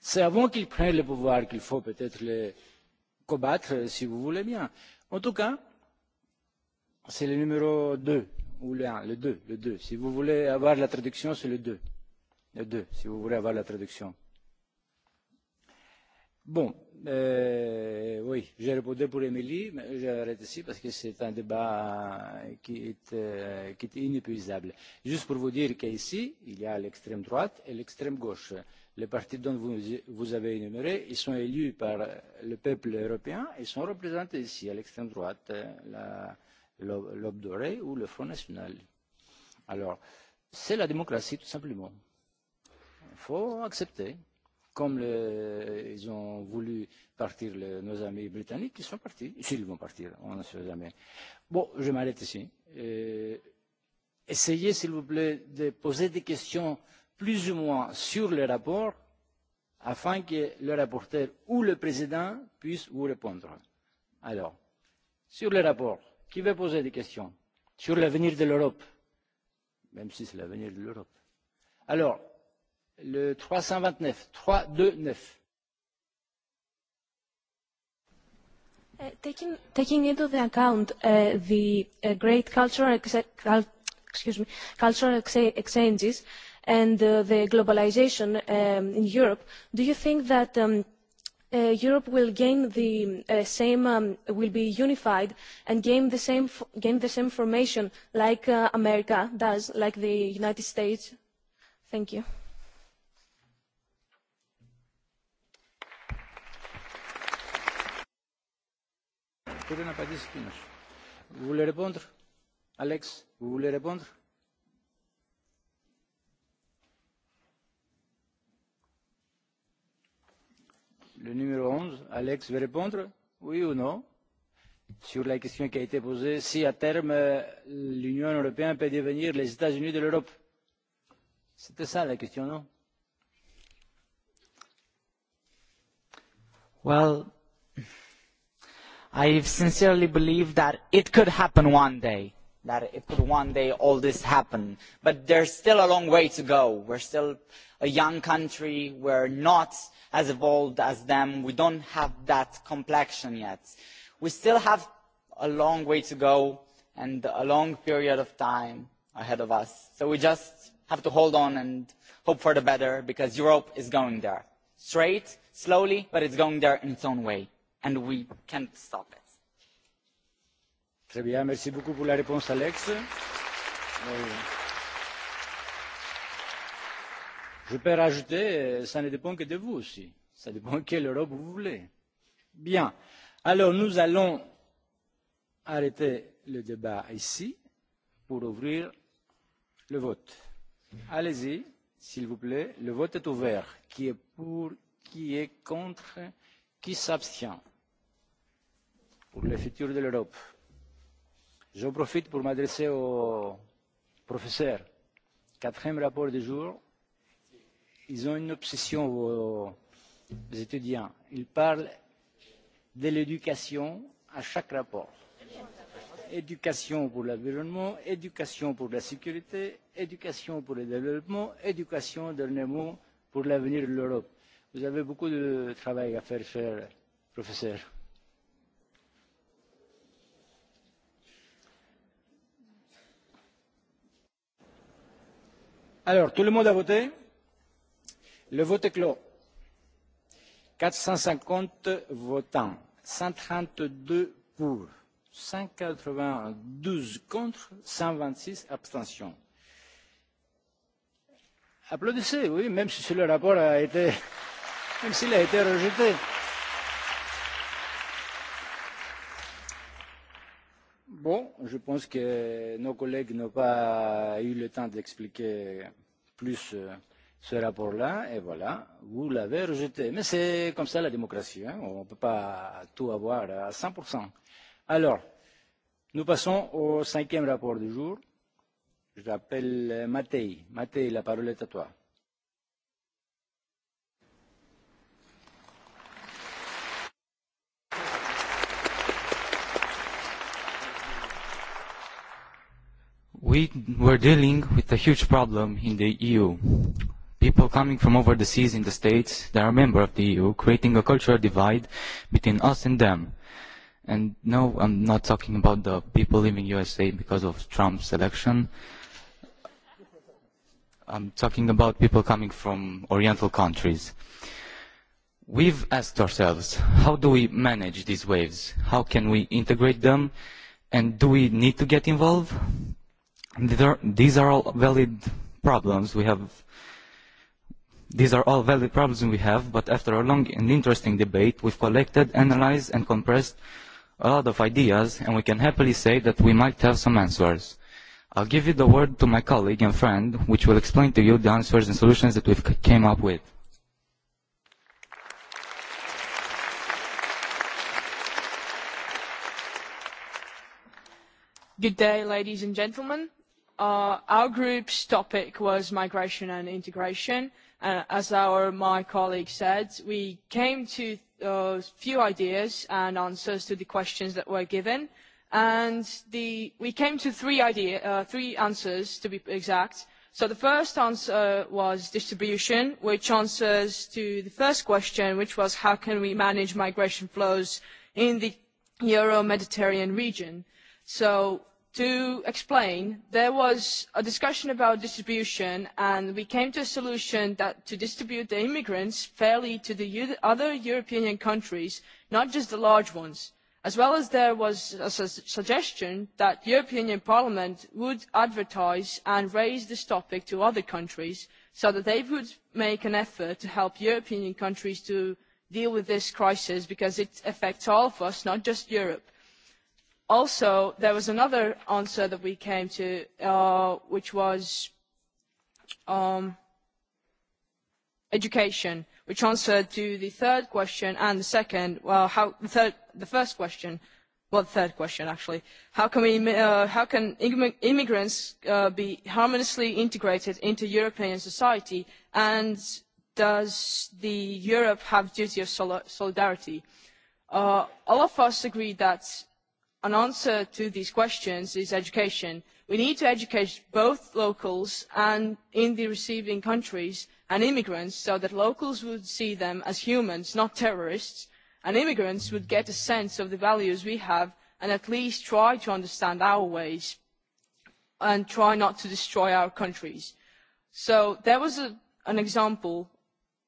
B: C'est avant qu'ils prennent le pouvoir qu'il faut peut-être les combattre, si vous voulez bien. En tout cas, c'est le numéro 2, ou le 1, le 2, le 2. Si vous voulez avoir la traduction, c'est le 2. Le 2, si vous voulez avoir la traduction. Bon, euh, oui, j'ai répondu pour Émilie, mais j'arrête ici parce que c'est un débat qui est, euh, qui est inépuisable. Juste pour vous dire qu'ici, il y a l'extrême droite et l'extrême gauche les partis dont vous, vous avez énuméré, ils sont élus par le peuple européen et sont représentés ici à l'extrême droite, l'aube dorée ou le Front national. Alors, c'est la démocratie tout simplement. Il faut accepter. Comme le, ils ont voulu partir le, nos amis britanniques, ils sont partis. S'ils vont partir, on ne sait jamais. Bon, je m'arrête ici. Euh, essayez, s'il vous plaît, de poser des questions plus ou moins sur le rapport afin que le rapporteur ou le président puisse vous répondre. Alors, sur le rapport, qui veut poser des questions sur l'avenir de l'Europe, même si c'est l'avenir de l'Europe. Alors, le 329, 329.
K: Uh, taking, taking into the account uh, the uh, great cultural, excuse me, cultural exchanges, and uh, the globalization um, in Europe, do you think that um, uh, Europe will gain the uh, same, um, will be unified and gain the same, gain the same formation like uh, America does, like the United States? Thank you.
B: Vous voulez répondre, Alex Vous voulez répondre le numéro onze Alex veut répondre Oui ou non Sur la question qui a été posée, si à terme euh, l'Union européenne peut devenir les États-Unis de l'Europe. C'était ça la question, non
F: Well, I
G: sincerely believe that it could happen one day, that it could one day all this happen. But there's still a long way to go. We're still a young country. We're not as evolved as them. We don't have that complexion yet. We still have a long way to go and a long period of time ahead of us. So we just have to hold on and hope for the better because Europe is going there. Straight, slowly, but it's going there in its own way. And we can't stop
B: it. Euh, Je peux rajouter, euh, ça ne dépend que de vous aussi. Ça dépend (laughs) quelle Europe vous voulez. Bien. Alors, nous allons arrêter le débat ici pour ouvrir le vote. Allez-y, s'il vous plaît. Le vote est ouvert. Qui est pour Qui est contre Qui s'abstient Pour le futur de l'Europe. J'en profite pour m'adresser au professeur. Quatrième rapport du jour ils ont une obsession, aux, étudiants. Ils parlent de l'éducation à chaque rapport. Éducation pour l'environnement, éducation pour la sécurité, éducation pour le développement, éducation, dernier mot, pour l'avenir de l'Europe. Vous avez beaucoup de travail à faire, cher professeur. Alors, tout le monde a voté Le vote est clos. 450 votants, 132 pour, 192 contre, 126 abstentions. Applaudissez, oui, même si le rapport a été, même s'il a été rejeté. Bon, je pense que nos collègues n'ont pas eu le temps d'expliquer plus euh, ce rapport-là, et voilà, vous l'avez rejeté. Mais c'est comme ça la démocratie, hein, on ne peut pas tout avoir à 100%. Alors, nous passons au cinquième rapport du jour. Je l'appelle Matei. Matei, la parole est à toi.
A: We were dealing
F: with a huge problem in the EU People coming from over the seas in the States that are a member of the EU, creating a cultural divide between us and them. And no, I'm not talking about the people leaving USA because of Trump's election. I'm talking about people coming from Oriental countries. We've asked ourselves, how do we manage these waves? How can we integrate them? And do we need to get involved? These are all valid problems we have These are all valid problems we have, but after a long and interesting debate, we've collected, analyzed, and compressed a lot of ideas, and we can happily say that we might have some answers. I'll give you the word to my colleague and friend, which will explain to you the answers and solutions that we've came up with.
M: Good day, ladies and gentlemen. Uh, our group's topic was migration and integration Uh, as my colleague said, we came to a uh, few ideas and answers to the questions that were given, and we came to three, idea, uh, three answers to be exact. So the first answer was distribution, which answers to the first question, which was how can we manage migration flows in the Euro-Mediterranean region. So to explain, there was a discussion about distribution, and we came to a solution that to distribute the immigrants fairly to the other European countries, not just the large ones. As well as there was a suggestion that European Parliament would advertise and raise this topic to other countries so that they would make an effort to help European countries to deal with this crisis because it affects all of us, not just Europe also, there was another answer that we came to, uh, which was um, education, which answered to the third question and the second, well, how, the, third, the first question, well, the third question, actually. How can, we, uh, how can immigrants uh, be harmoniously integrated into European society, and does the Europe have duty of sol solidarity? Uh, all of us agreed that an answer to these questions is education. We need to educate both locals and in the receiving countries and immigrants so that locals would see them as humans, not terrorists, and immigrants would get a sense of the values we have and at least try to understand our ways and try not to destroy our countries. So there was a, an example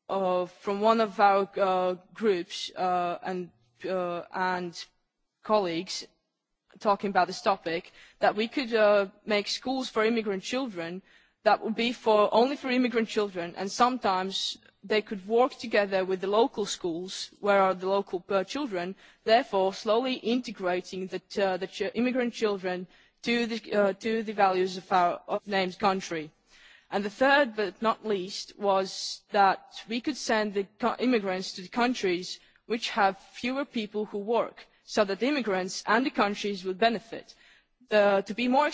M: of, from one of our uh, groups uh, and, uh, and colleagues talking about this topic, that we could uh, make schools for immigrant children that would be for only for immigrant children, and sometimes they could work together with the local schools, where are the local uh, children, therefore slowly integrating the, uh, the ch immigrant children to the, uh, to the values of our of named country. And the third, but not least, was that we could send the immigrants to the countries which have fewer people who work so that immigrants and the countries would benefit. Uh, to be more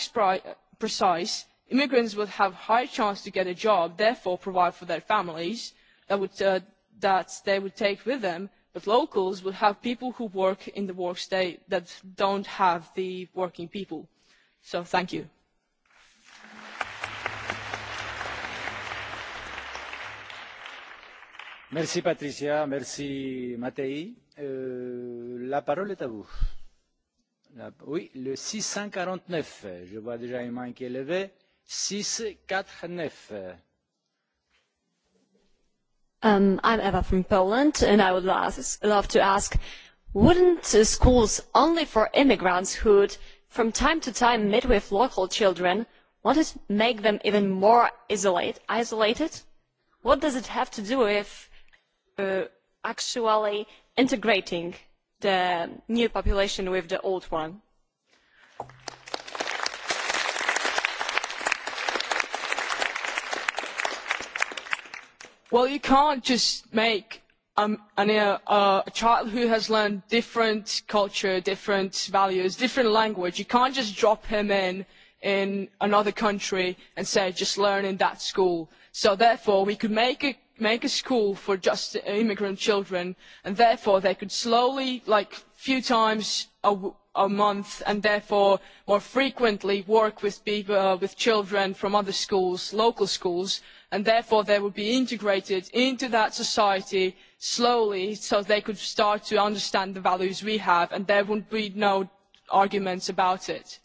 M: precise, immigrants would have higher chance to get a job, therefore provide for their families that, would, uh, that they would take with them, but locals would have people who work in the work state that don't have the working people. So thank you.
B: Merci Patricia, merci Mattei. Euh, La parole est à vous. oui, le 649. Je vois déjà une main qui est levée. 649.
A: Um, I'm Eva
K: from Poland, and I would love to ask, wouldn't schools only for immigrants who, from time to time, meet with local children, want to make them even more isolate, isolated? What does it have to do with uh, actually integrating the new population with the
M: old one. Well, you can't just make um, an, uh, a child who has learned different culture, different values, different language. You can't just drop him in in another country and say just learn in that school. So therefore, we could make a make a school for just immigrant children and therefore they could slowly like few times a, a month and therefore more frequently work with people uh, with children from other schools local schools and therefore they would be integrated into that society slowly so they could start to understand the values we have and there would be no arguments about it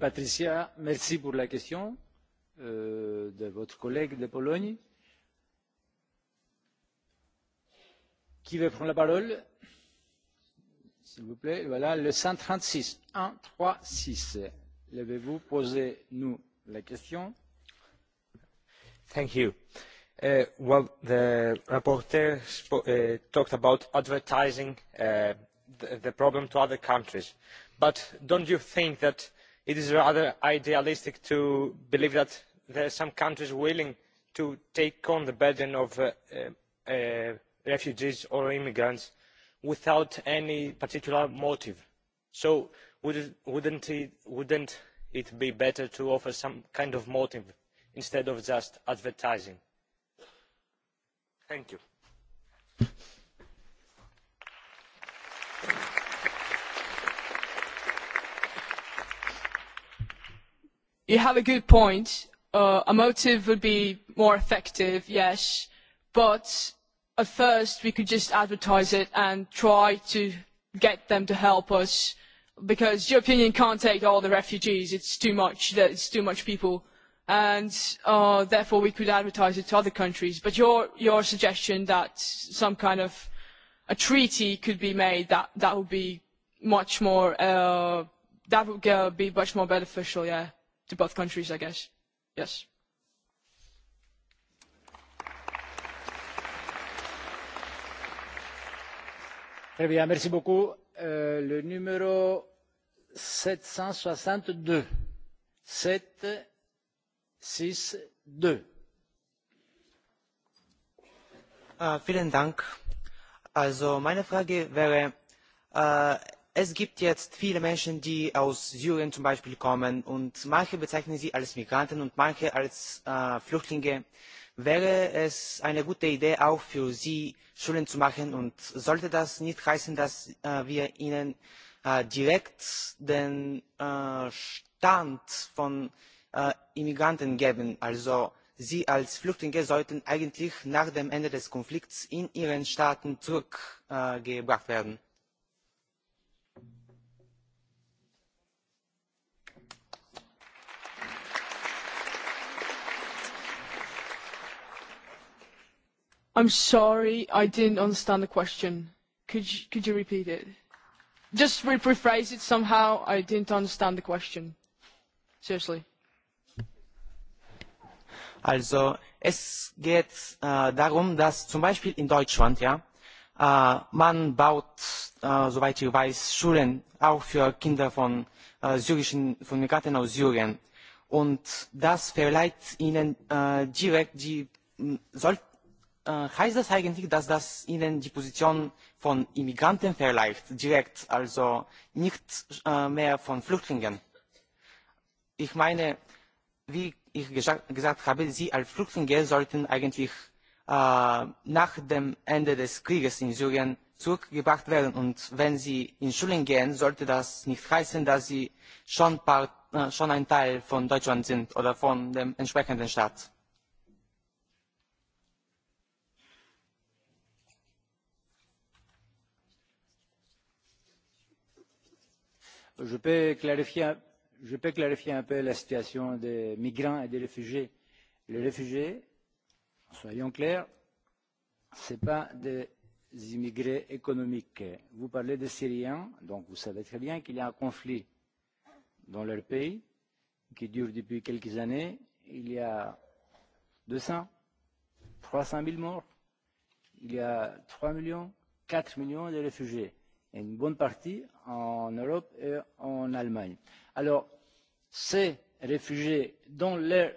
B: Patricia, merci pour la question euh, de votre collègue de Pologne. Qui veut prendre la parole S'il vous plaît, voilà le 136. 1, 3, 6. Levez-vous, posez-nous la question. Thank you. Uh, well,
F: the rapporteur uh, talked about advertising uh, the, the problem to other countries but do you not think that it is rather idealistic to believe that there are some countries willing to take on the burden of uh, uh, uh, refugees or immigrants without any particular motive? so would it not be better to offer some kind of motive instead of just advertising?
M: you have a good point. Uh, a motive would be more effective, yes, but at first we could just advertise it and try to get them to help us because the European Union can't take all the refugees. It's too much. It's too much people. And uh, therefore we could advertise it to other countries. But your, your suggestion that some kind of a treaty could be made, that, that would be much more, uh, that would uh, be much more beneficial, yeah to
B: both countries, I guess. Yes. Très eh bien, merci beaucoup. Euh, le numéro 762. 7, 6, 2.
F: Uh, vielen Dank. Also meine Frage wäre, uh, Es gibt jetzt viele Menschen, die aus Syrien zum Beispiel kommen und manche bezeichnen sie als Migranten und manche als äh, Flüchtlinge. Wäre es eine gute Idee, auch für sie Schulen zu machen und sollte das nicht heißen, dass äh, wir ihnen äh, direkt den äh, Stand von äh, Immigranten geben? Also sie als Flüchtlinge sollten eigentlich nach dem Ende des Konflikts in ihren Staaten zurückgebracht äh, werden.
M: I'm sorry, I didn't understand the question. Could you, repeat it? Just rephrase it somehow. I didn't understand the question. Seriously.
F: Also, es geht äh, darum, dass zum Beispiel in Deutschland, ja, äh, man baut, äh, soweit ich weiß, Schulen auch für Kinder von syrischen, von Migranten aus Syrien. Und das verleiht ihnen direkt die, soll, heißt das eigentlich, dass das Ihnen die Position von Immigranten verleiht, direkt, also nicht äh, mehr von Flüchtlingen? Ich meine, wie ich gesagt, gesagt habe, Sie als Flüchtlinge sollten eigentlich äh, nach dem Ende des Krieges in Syrien zurückgebracht werden. Und wenn Sie in Schulen gehen, sollte das nicht heißen, dass Sie schon, part, äh, schon ein Teil von Deutschland sind oder von dem entsprechenden Staat.
B: Je peux clarifier, un peu la situation des migrants et des réfugiés. Les réfugiés, soyons clairs, ce ne pas des immigrés économiques. Vous parlez des Syriens, donc vous savez très bien qu'il y a un conflit dans leur pays qui dure depuis quelques années. Il y a 200, 300 000 morts. Il y a 3 millions, 4 millions de réfugiés et une bonne partie en Europe et en Allemagne. Alors, ces réfugiés, dans leur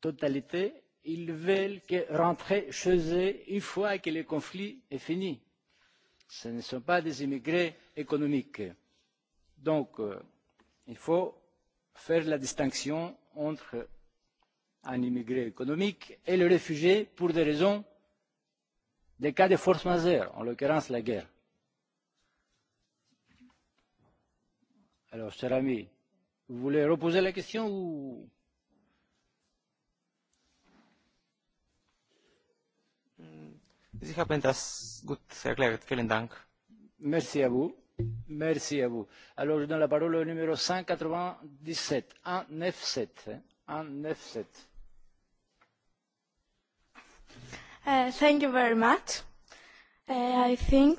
B: totalité, ils veulent que rentrer chez eux une fois que le conflit est fini. Ce ne sont pas des immigrés économiques. Donc, euh, il faut faire la distinction entre un immigré économique et le réfugié pour des raisons des cas de force majeure, en l'occurrence la guerre Alors, cher ami, vous voulez reposer la question ou
F: Sie haben das gut erklärt. Vielen Dank.
B: Merci à vous. Merci à vous. Alors, je donne la parole au numéro 197. 197. 197.
L: Uh, thank you very much. Uh, I think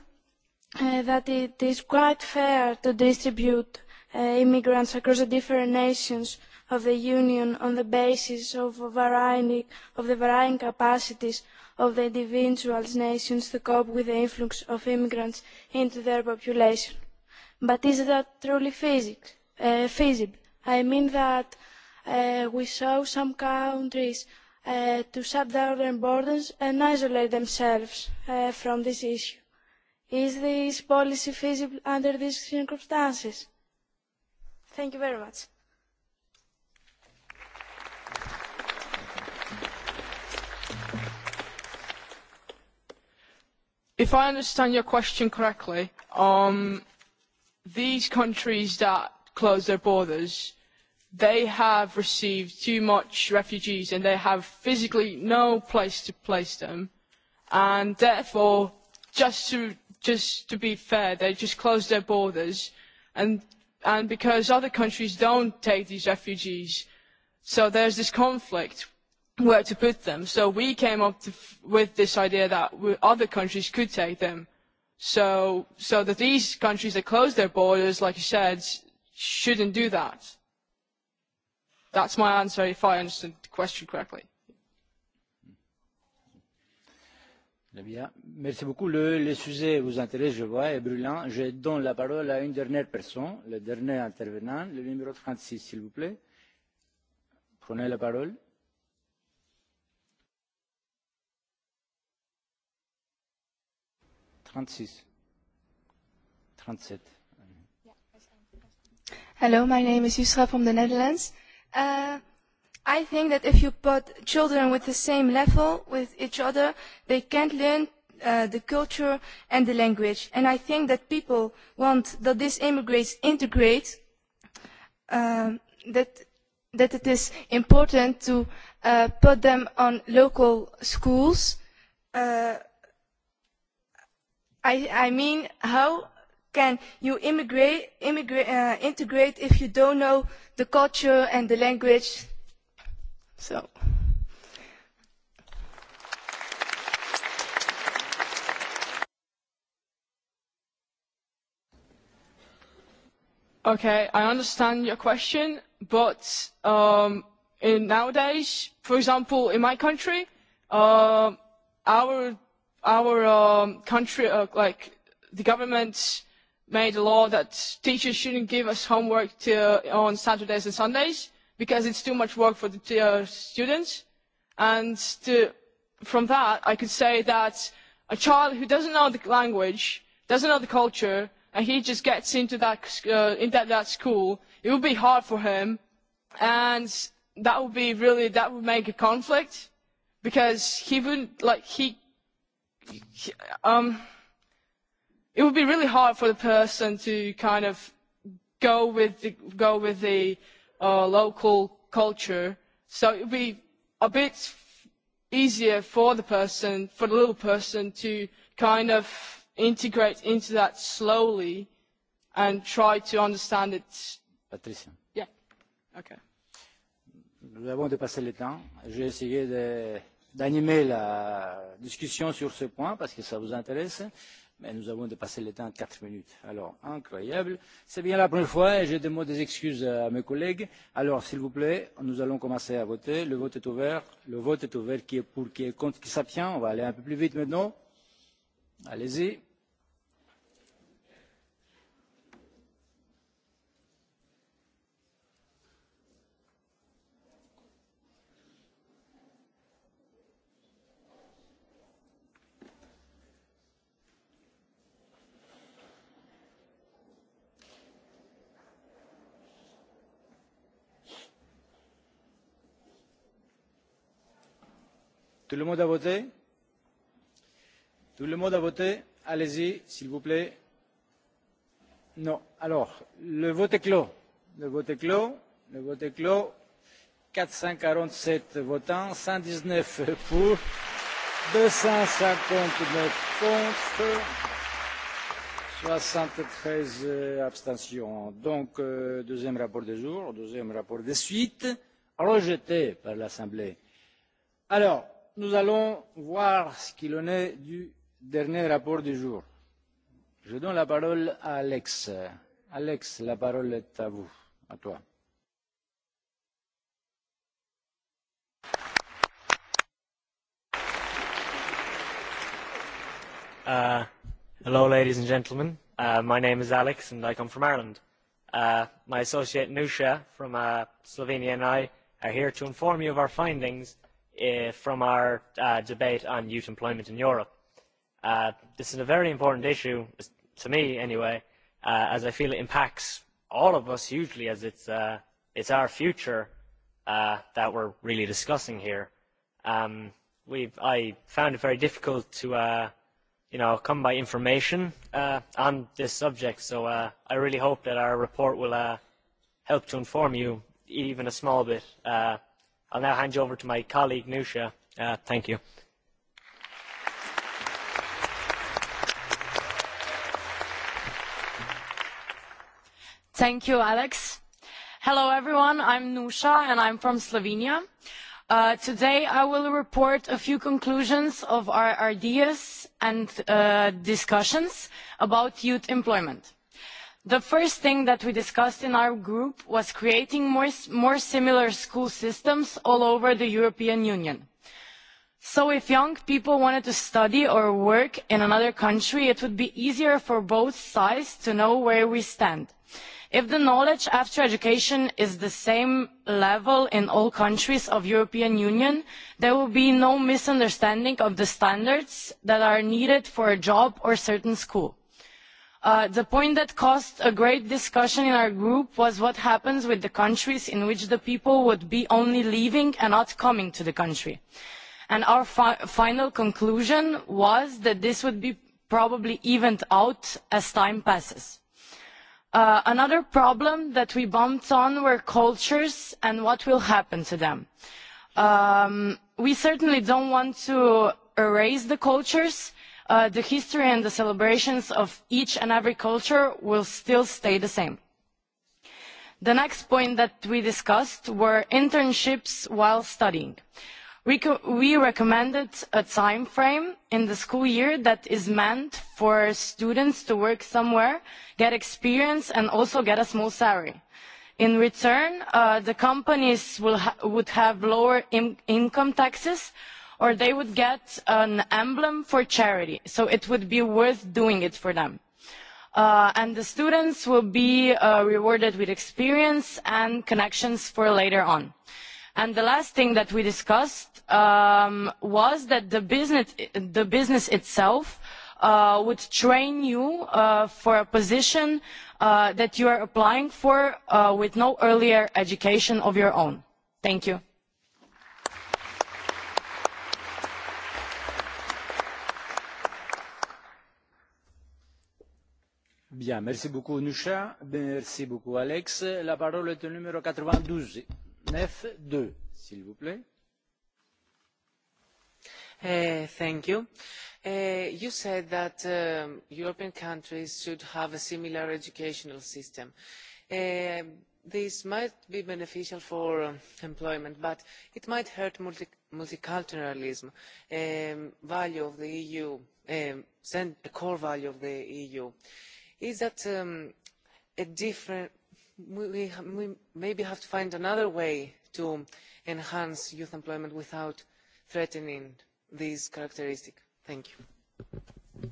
L: uh, that it is quite fair to distribute uh, immigrants across the different nations of the Union on the basis of, varying, of the varying capacities of the individual nations to cope with the influx of immigrants into their population. But is that truly physics, uh, eh, feasible? I mean that uh, we saw some countries uh, to shut down their borders and isolate themselves uh, from this issue. Is this policy feasible under
M: these circumstances? Thank you very much. If I understand your question correctly, um, these countries that close their borders, they have received too much refugees and they have physically no place to place them. And therefore, just to, just to be fair, they just close their borders and and because other countries don't take these refugees. So there's this conflict where to put them. So we came up to, with this idea that other countries could take them. So, so that these countries that close their borders, like you said, shouldn't do that. That's my answer if I understood the question correctly.
B: Eh bien, merci beaucoup. Le, le sujet vous intéresse, je vois, est brûlant. Je donne la parole à une dernière personne, le dernier intervenant, le numéro 36, s'il vous plaît. Prenez la parole.
M: Hello, my name is Yusra from the Netherlands. Uh,
J: I think that if you put children with the same level with each other, they can't learn uh, the culture and the language. And I think that people want
D: that these immigrants integrate, um, that, that it is important to uh, put them on local schools.
M: Uh, I, I mean, how can you immigrate, immigrate, uh, integrate if you don't know the culture and the language So. Okay, I understand your question, but um, in nowadays, for example, in my country, uh, our our um, country, uh, like the government, made a law that teachers shouldn't give us homework to, on Saturdays and Sundays because it's too much work for the uh, students. And to, from that, I could say that a child who doesn't know the language, doesn't know the culture, and he just gets into that, uh, into that school, it would be hard for him. And that would be really, that would make a conflict because he wouldn't, like, he, he um, it would be really hard for the person to kind of go with the, go with the, uh, local culture. So it would be a bit easier for the person, for the little person, to kind of integrate into that slowly and try to understand it. Patricia. Yeah. Okay.
B: Nous avons dépassé le temps. J'ai essayé d'animer la discussion sur ce point parce que ça vous intéresse mais nous avons dépassé le temps de 4 minutes. Alors, incroyable. C'est bien la première fois et je demande des excuses à mes collègues. Alors, s'il vous plaît, nous allons commencer à voter. Le vote est ouvert. Le vote est ouvert. Qui est pour, qui est contre, qui s'abstient On va aller un peu plus vite maintenant. Allez-y. Tout le monde a voté Tout le monde a voté Allez-y, s'il vous plaît. Non. Alors, le vote est clos. Le vote est clos. Le vote est clos. 447 votants, 119 pour, 259 contre, 73 abstentions. Donc, euh, deuxième rapport de jour, deuxième rapport de suite, rejeté par l'Assemblée. Alors, Nous allons voir ce qu'il en est du dernier rapport du jour. Je donne la parole à Alex. Alex, la parole est à vous, à toi.
I: Uh, hello, ladies and gentlemen. Uh, my name is Alex, and I come from Ireland. Uh, my associate Nusha from uh, Slovenia and I are here to inform you of our findings uh, from our uh, debate on youth employment in Europe. Uh, this is a very important issue, to me anyway, uh, as I feel it impacts all of us hugely as it's, uh, it's our future uh, that we're really discussing here. Um, we've, I found it very difficult to uh, you know, come by information uh, on this subject, so uh, I really hope that our report will uh, help to inform you even a small bit uh, I'll now hand you over to my colleague, Nusha. Uh, thank you.
L: Thank you, Alex. Hello, everyone. I'm Nusha, and I'm from Slovenia. Uh, today, I will report a few conclusions of our ideas and uh, discussions about youth employment. The first thing that we discussed in our group was creating more, more similar school systems all over the European Union. So if young people wanted to study or work in another country, it would be easier for both sides to know where we stand. If the knowledge after education is the same level in all countries of European Union, there will be no misunderstanding of the standards that are needed for a job or certain school Uh, the point that caused a great discussion in our group was what happens with the countries in which the people would be only leaving and not coming to the country. And our fi final conclusion was that this would be probably evened out as time passes. Uh, another problem that we bumped on were cultures and what will happen to them. Um, we certainly don't want to erase the cultures, uh, the history and the celebrations of each and every culture will still stay the same. The next point that we discussed were internships while studying. We recommended a time frame in the school year that is meant for students to work somewhere, get experience, and also get a small salary. In return, uh, the companies will ha would have lower in income taxes, or they would get an emblem for charity. So it would be worth doing it for them. Uh, and the students will be uh, rewarded with experience and connections for later on. And the last thing that we discussed um, was that the business, the business itself uh, would train you uh, for a position uh, that you are applying for uh, with no earlier education of your own. Thank you.
B: merci beaucoup Nusha, merci beaucoup Alex. La parole est au numéro 92, 9-2, s'il vous plaît.
M: Eh, thank you. Eh, you said that eh, European countries should have a similar educational system. this might be beneficial for employment, but it might hurt multi multiculturalism, value of the
F: EU, the core value of the EU is that um, a different we, we maybe have to find another way to
M: enhance youth employment without threatening these characteristics. Thank you.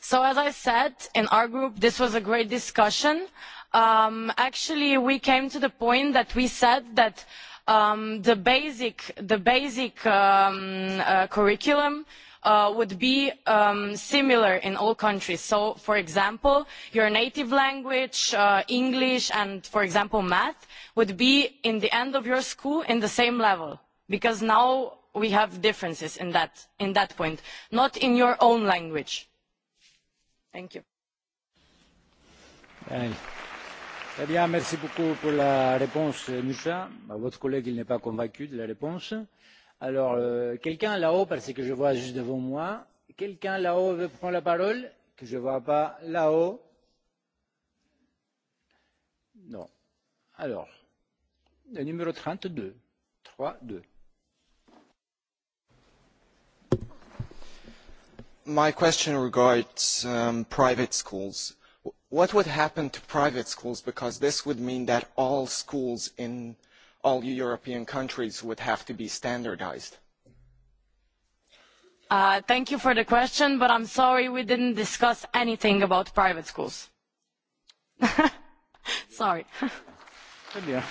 L: So as I said, in our group, this was a great discussion. Um, actually, we came to the point that we said that um, the basic, the basic um, uh, curriculum uh, would be um, similar in all countries. So, for example, your native language, uh, English, and, for example, math would be in the end of your school in the same level, because now we have differences in that, in that point, not in your own language. Thank you.
B: you. Eh bien, merci beaucoup pour la réponse, Moussa. Votre collègue, il n'est pas convaincu de la réponse. Alors, euh, quelqu'un là-haut, parce que je vois juste devant moi, quelqu'un là-haut veut prendre la parole, que je ne vois pas là-haut. Non. Alors, le numéro 32. 3, 2.
H: My question regards um, private schools what would happen to private schools? Because this would mean that all schools in all European countries would have to be standardized.
L: Uh, thank you for the question, but I'm sorry we didn't discuss anything about private schools. (laughs) sorry.
B: yeah.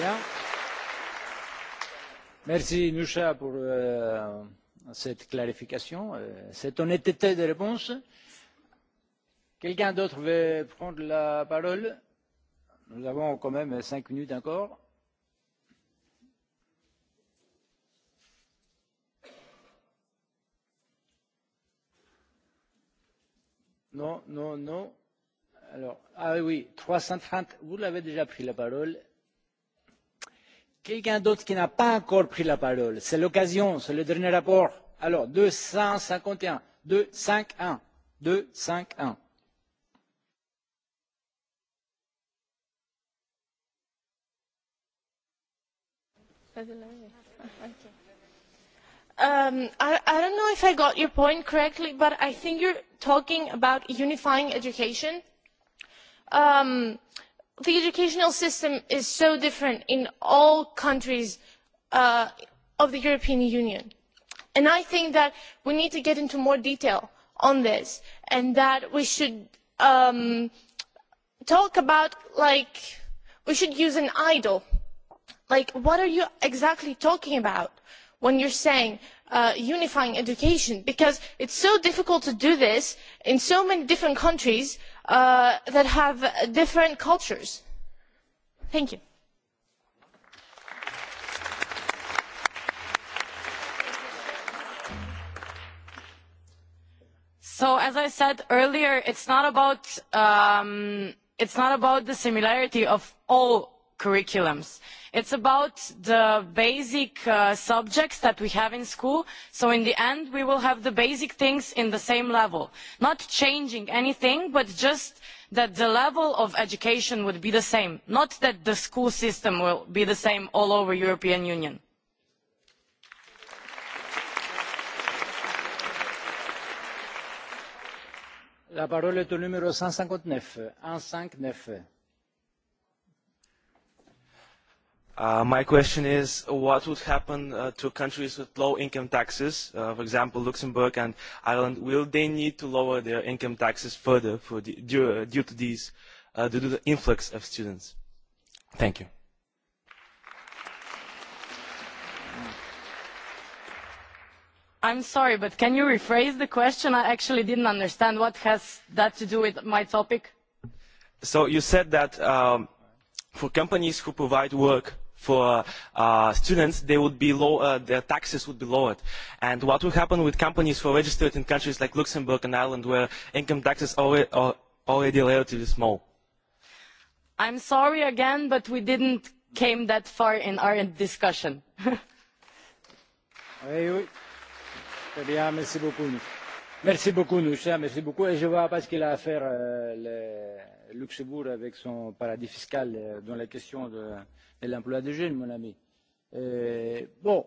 B: bien. Merci Nusha pour euh, cette clarification, euh, cette honnêteté de réponse. Quelqu'un d'autre veut prendre la parole Nous avons quand même cinq minutes encore. Non, non, non. Alors, ah oui, 330, vous l'avez déjà pris la parole. Quelqu'un d'autre qui n'a pas encore pris la parole C'est l'occasion, c'est le dernier rapport. Alors, 251, 251, 251.
J: Um, I, I don't know if I got your point correctly, but I think you're talking about unifying education. Um, the educational system is so different in all countries uh, of the European Union. And I think that we need to get into more detail on this and that we should um, talk about, like, we should use an idol Like, what are you exactly talking about when you're saying uh, unifying education? Because it's so difficult to do this in so many different countries uh, that have different cultures. Thank you.
L: So as I said earlier, it's not about um, it's not about the similarity of all curriculums. It's about the basic uh, subjects that we have in school, so in the end we will have the basic things in the same level. Not changing anything, but just that the level of education would be the same, not that the school system will be the same all over European Union.
B: La parole est au numéro 159, 159.
F: Uh, my question is, what would happen uh, to countries with low income taxes, uh, for example, Luxembourg and Ireland? Will they need to lower their income taxes further for the, due, uh, due to these, uh, due to the influx of students?
B: Thank you.
L: I'm sorry, but can you rephrase the question? I actually didn't understand. What has that to do with my topic?
F: So you said that um, for companies who provide work for uh, students, they would be low, uh, their taxes would be lowered. And what will happen with companies who are registered in countries like Luxembourg and Ireland, where income taxes are already, already relatively small?
L: I'm sorry again, but we didn't came that far in our discussion.
B: oui, (laughs) oui. Très bien, merci beaucoup. Merci beaucoup, Noucha. Merci beaucoup. Et je vois pas ce qu'il a à faire euh, le Luxembourg avec son paradis fiscal euh, dans la question de, l'emploi des jeunes, mon ami. Euh, bon.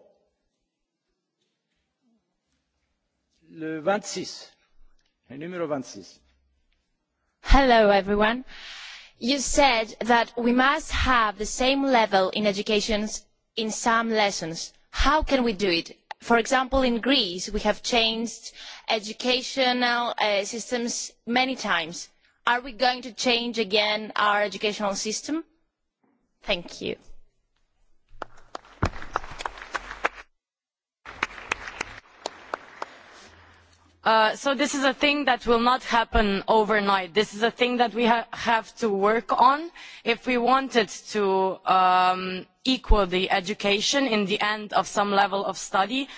B: Le 26. Le numéro 26.
C: Hello, everyone. You said that we must have the
J: same level in education in some lessons. How can we do it? For example, in Greece, we have changed educational uh, systems many times. Are we going to change again our educational system? Thank you.
L: Uh, so this is a thing that will not happen overnight. This is a thing that we ha have to work on if we wanted to um, equal the education in the end of some level of study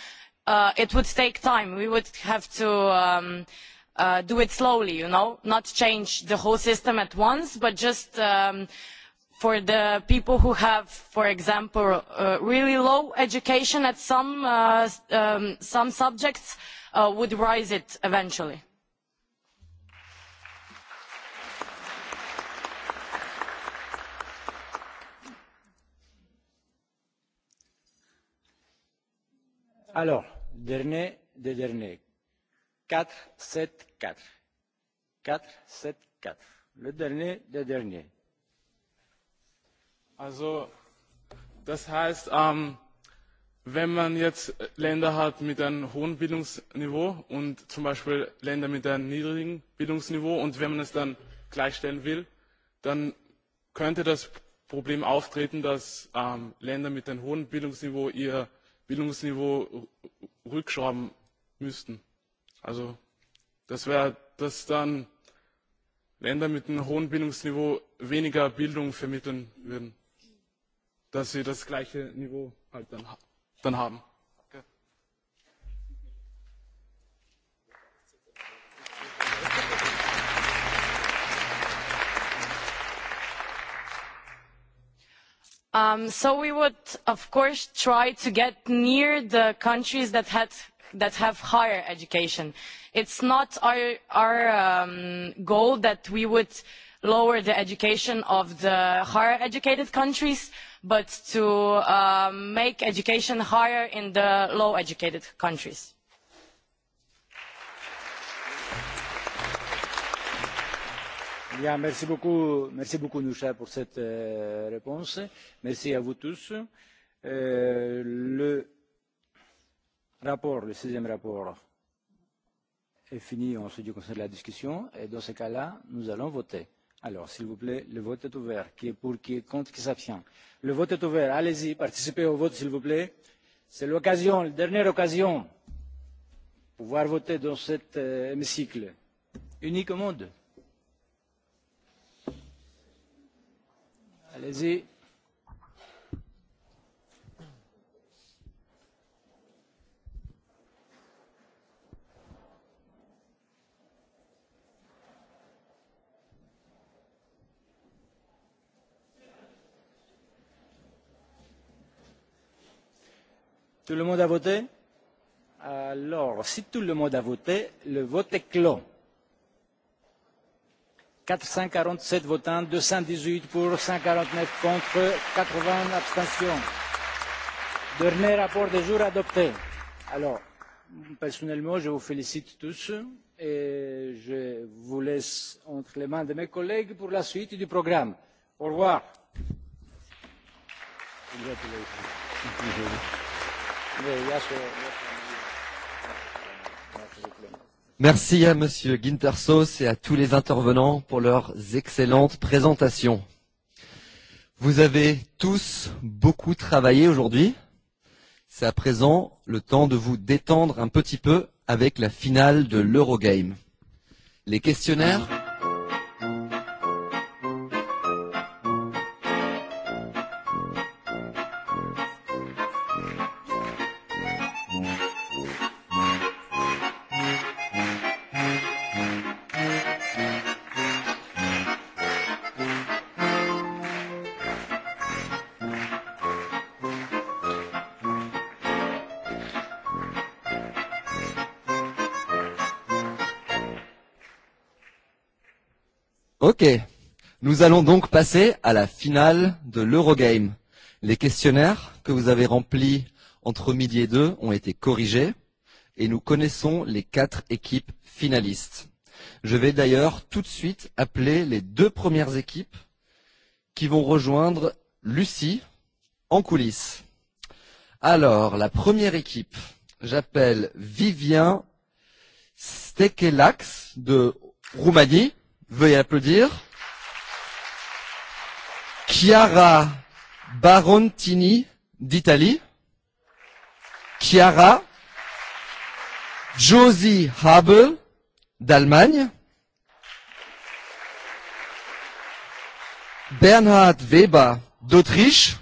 L: Uh, it would take time. We would have to um, uh, do it slowly, you know, not change the whole system at once, but just um, for the people who have, for example, uh, really low education at some, um, some subjects would rise it eventually.
B: Alors, Dernier des derniers. 4, 7, 4. 4,
I: 7, 4. Le dernier des derniers. Also, das heißt, ähm, wenn man jetzt Länder hat mit einem hohen Bildungsniveau und zum Beispiel Länder mit einem niedrigen Bildungsniveau und wenn man es dann gleichstellen will, dann könnte das Problem auftreten, dass ähm, Länder mit einem hohen Bildungsniveau ihr Bildungsniveau rückschrauben müssten. Also das wäre, dass dann Länder mit einem hohen Bildungsniveau weniger Bildung vermitteln würden, dass sie das gleiche Niveau halt dann, dann haben.
L: Um, so we would, of course, try to get near the countries that, had, that have higher education. It's not our, our um, goal that we would lower the education of the higher educated countries, but to um, make education higher in the low educated countries.
B: Bien, merci beaucoup, merci beaucoup Nusha pour cette euh, réponse. Merci à vous tous. Euh, le rapport, le sixième rapport est fini, on se dit qu'on de la discussion, et dans ce cas-là, nous allons voter. Alors, s'il vous plaît, le vote est ouvert. Qui est pour, qui est contre, qui s'abstient Le vote est ouvert. Allez-y, participez au vote, s'il vous plaît. C'est l'occasion, la dernière occasion, de pouvoir voter dans cet euh, hémicycle unique au monde. Allez-y. Tout le monde a voté Alors, si tout le monde a voté, le vote est clos. 447 votants deux pour cent contre quatre abstentions. dernier rapport du jour adopté. alors personnellement je vous félicite tous et je vous laisse entre les mains de mes collègues pour la suite du programme. au revoir.
E: Merci à Monsieur Guintersos et à tous les intervenants pour leurs excellentes présentations. Vous avez tous beaucoup travaillé aujourd'hui. C'est à présent le temps de vous détendre un petit peu avec la finale de l'Eurogame. Les questionnaires Ok, nous allons donc passer à la finale de l'Eurogame. Les questionnaires que vous avez remplis entre midi et deux ont été corrigés et nous connaissons les quatre équipes finalistes. Je vais d'ailleurs tout de suite appeler les deux premières équipes qui vont rejoindre Lucie en coulisses. Alors, la première équipe, j'appelle Vivien Stekelax de Roumanie. Veuillez applaudir. Chiara Barontini d'Italie. Chiara. Josie Habe d'Allemagne. Bernhard Weber d'Autriche.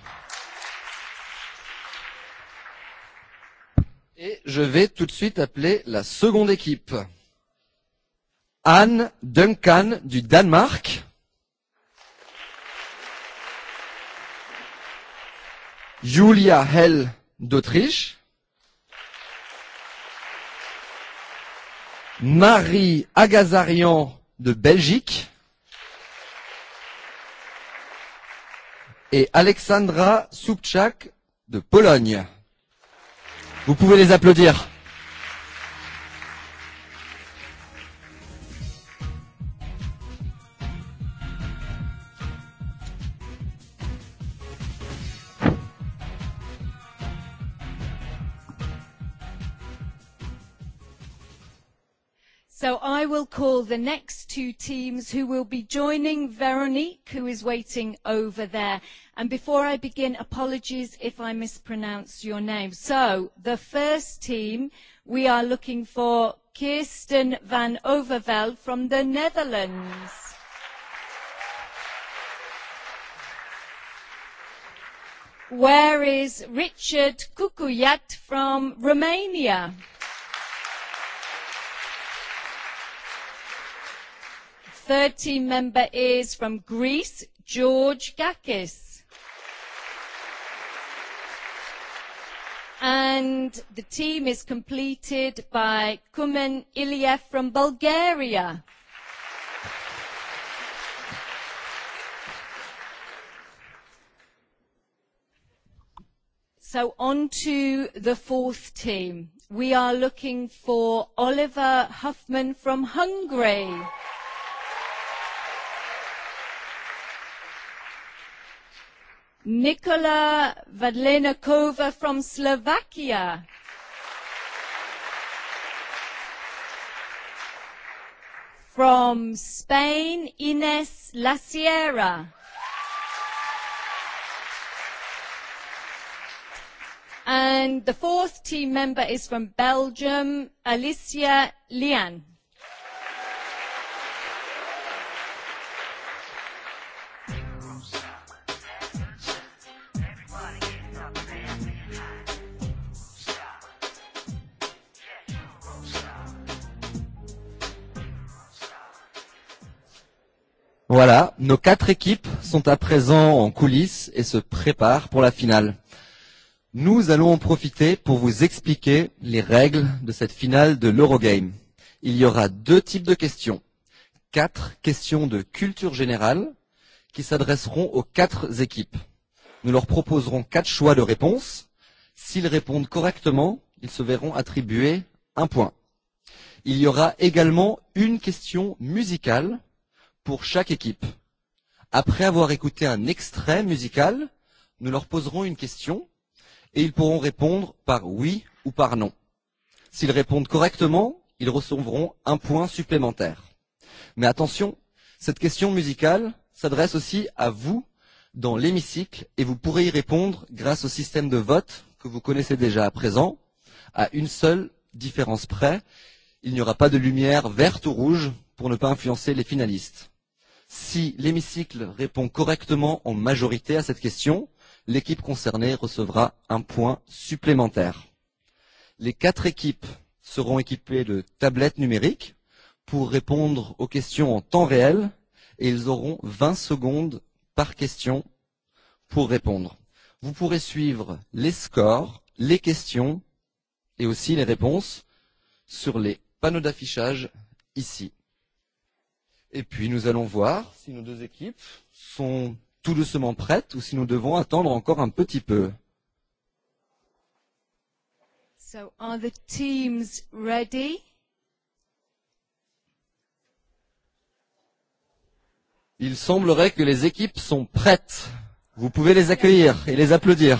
E: Et je vais tout de suite appeler la seconde équipe. Anne Duncan du Danemark. Julia Hell d'Autriche. Marie Agazarian de Belgique. Et Alexandra Subchak de Pologne. Vous pouvez les applaudir.
N: the next two teams who will be joining Veronique, who is waiting over there. And before I begin, apologies if I mispronounce your name. So, the first team, we are looking for Kirsten van Overveld from the Netherlands. Where is Richard Cucuyat from Romania? third team member is from Greece, George Gakis. And the team is completed by Kumen Iliev from Bulgaria. So on to the fourth team. We are looking for Oliver Huffman from Hungary. Nikola Vadlenakova from Slovakia. From Spain, Ines La Sierra. And the fourth team member is from Belgium, Alicia Lian.
E: Voilà, nos quatre équipes sont à présent en coulisses et se préparent pour la finale. Nous allons en profiter pour vous expliquer les règles de cette finale de l'Eurogame. Il y aura deux types de questions. Quatre questions de culture générale qui s'adresseront aux quatre équipes. Nous leur proposerons quatre choix de réponses. S'ils répondent correctement, ils se verront attribuer un point. Il y aura également une question musicale pour chaque équipe. Après avoir écouté un extrait musical, nous leur poserons une question et ils pourront répondre par oui ou par non. S'ils répondent correctement, ils recevront un point supplémentaire. Mais attention, cette question musicale s'adresse aussi à vous dans l'hémicycle et vous pourrez y répondre grâce au système de vote que vous connaissez déjà à présent, à une seule différence près. Il n'y aura pas de lumière verte ou rouge pour ne pas influencer les finalistes. Si l'hémicycle répond correctement en majorité à cette question, l'équipe concernée recevra un point supplémentaire. Les quatre équipes seront équipées de tablettes numériques pour répondre aux questions en temps réel et ils auront 20 secondes par question pour répondre. Vous pourrez suivre les scores, les questions et aussi les réponses sur les panneaux d'affichage ici. Et puis nous allons voir si nos deux équipes sont tout doucement prêtes ou si nous devons attendre encore un petit peu.
N: So are the teams ready?
E: Il semblerait que les équipes sont prêtes. Vous pouvez les accueillir et les applaudir.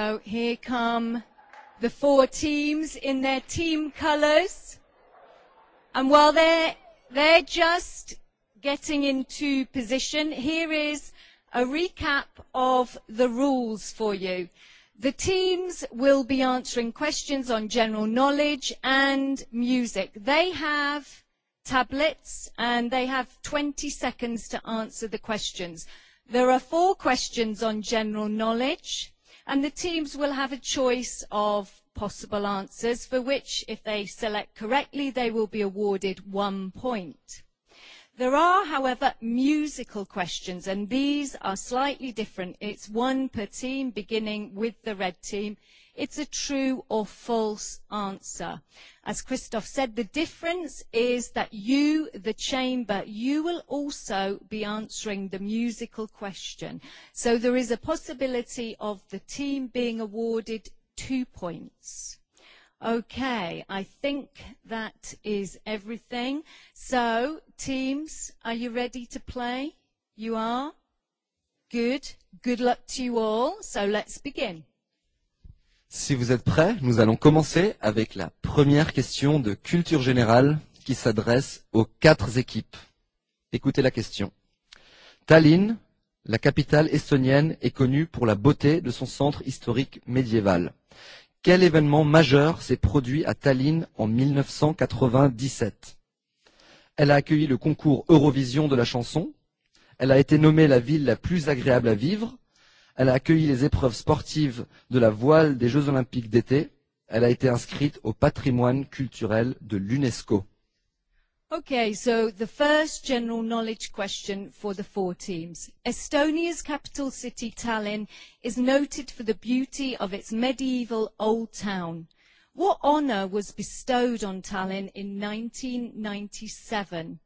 N: So here come the four teams in their team colours. And while they're, they're just getting into position, here is a recap of the rules for you. The teams will be answering questions on general knowledge and music. They have tablets and they have 20 seconds to answer the questions. There are four questions on general knowledge and the teams will have a choice of possible answers for which, if they select correctly, they will be awarded one point. There are, however, musical questions, and these are slightly different. It's one per team, beginning with the red team. It's a true or false answer. As Christoph said, the difference is that you, the chamber, you will also be answering the musical question. So there is a possibility of the team being awarded two points. Okay, I think that is everything. So, teams, are you ready to play? You are? Good. Good luck to you all. So let's begin.
E: Si vous êtes prêts, nous allons commencer avec la première question de culture générale qui s'adresse aux quatre équipes. Écoutez la question. Tallinn, la capitale estonienne, est connue pour la beauté de son centre historique médiéval. Quel événement majeur s'est produit à Tallinn en 1997 Elle a accueilli le concours Eurovision de la chanson. Elle a été nommée la ville la plus agréable à vivre Elle a accueilli les épreuves sportives de la voile des Jeux olympiques d'été. Elle a été inscrite au patrimoine culturel de l'UNESCO.
N: OK, so the first general knowledge question for the four teams. Estonia's capital city, Tallinn, is noted for the beauty of its medieval old town. What honor was bestowed on Tallinn in 1997?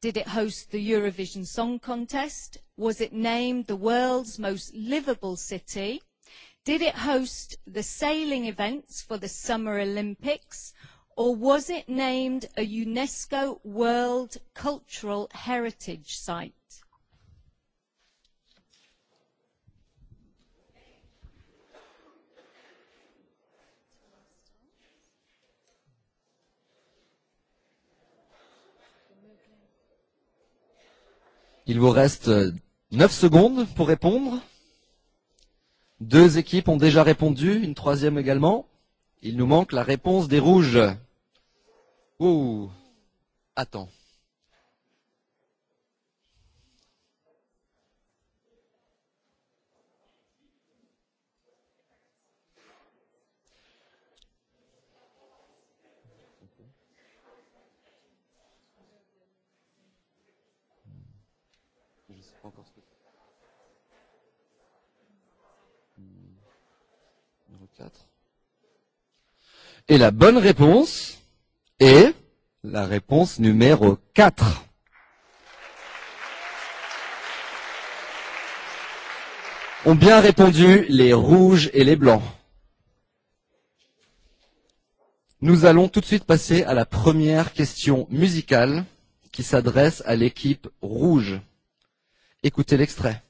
N: Did it host the Eurovision Song Contest, Was it named the world's most livable city? Did it host the sailing events for the Summer Olympics? Or was it named a UNESCO World Cultural Heritage Site?
E: Il vous reste euh, 9 secondes pour répondre. Deux équipes ont déjà répondu, une troisième également. Il nous manque la réponse des rouges. Ouh. Attends. Et la bonne réponse est la réponse numéro 4. Ont bien répondu les rouges et les blancs. Nous allons tout de suite passer à la première question musicale qui s'adresse à l'équipe rouge. Écoutez l'extrait.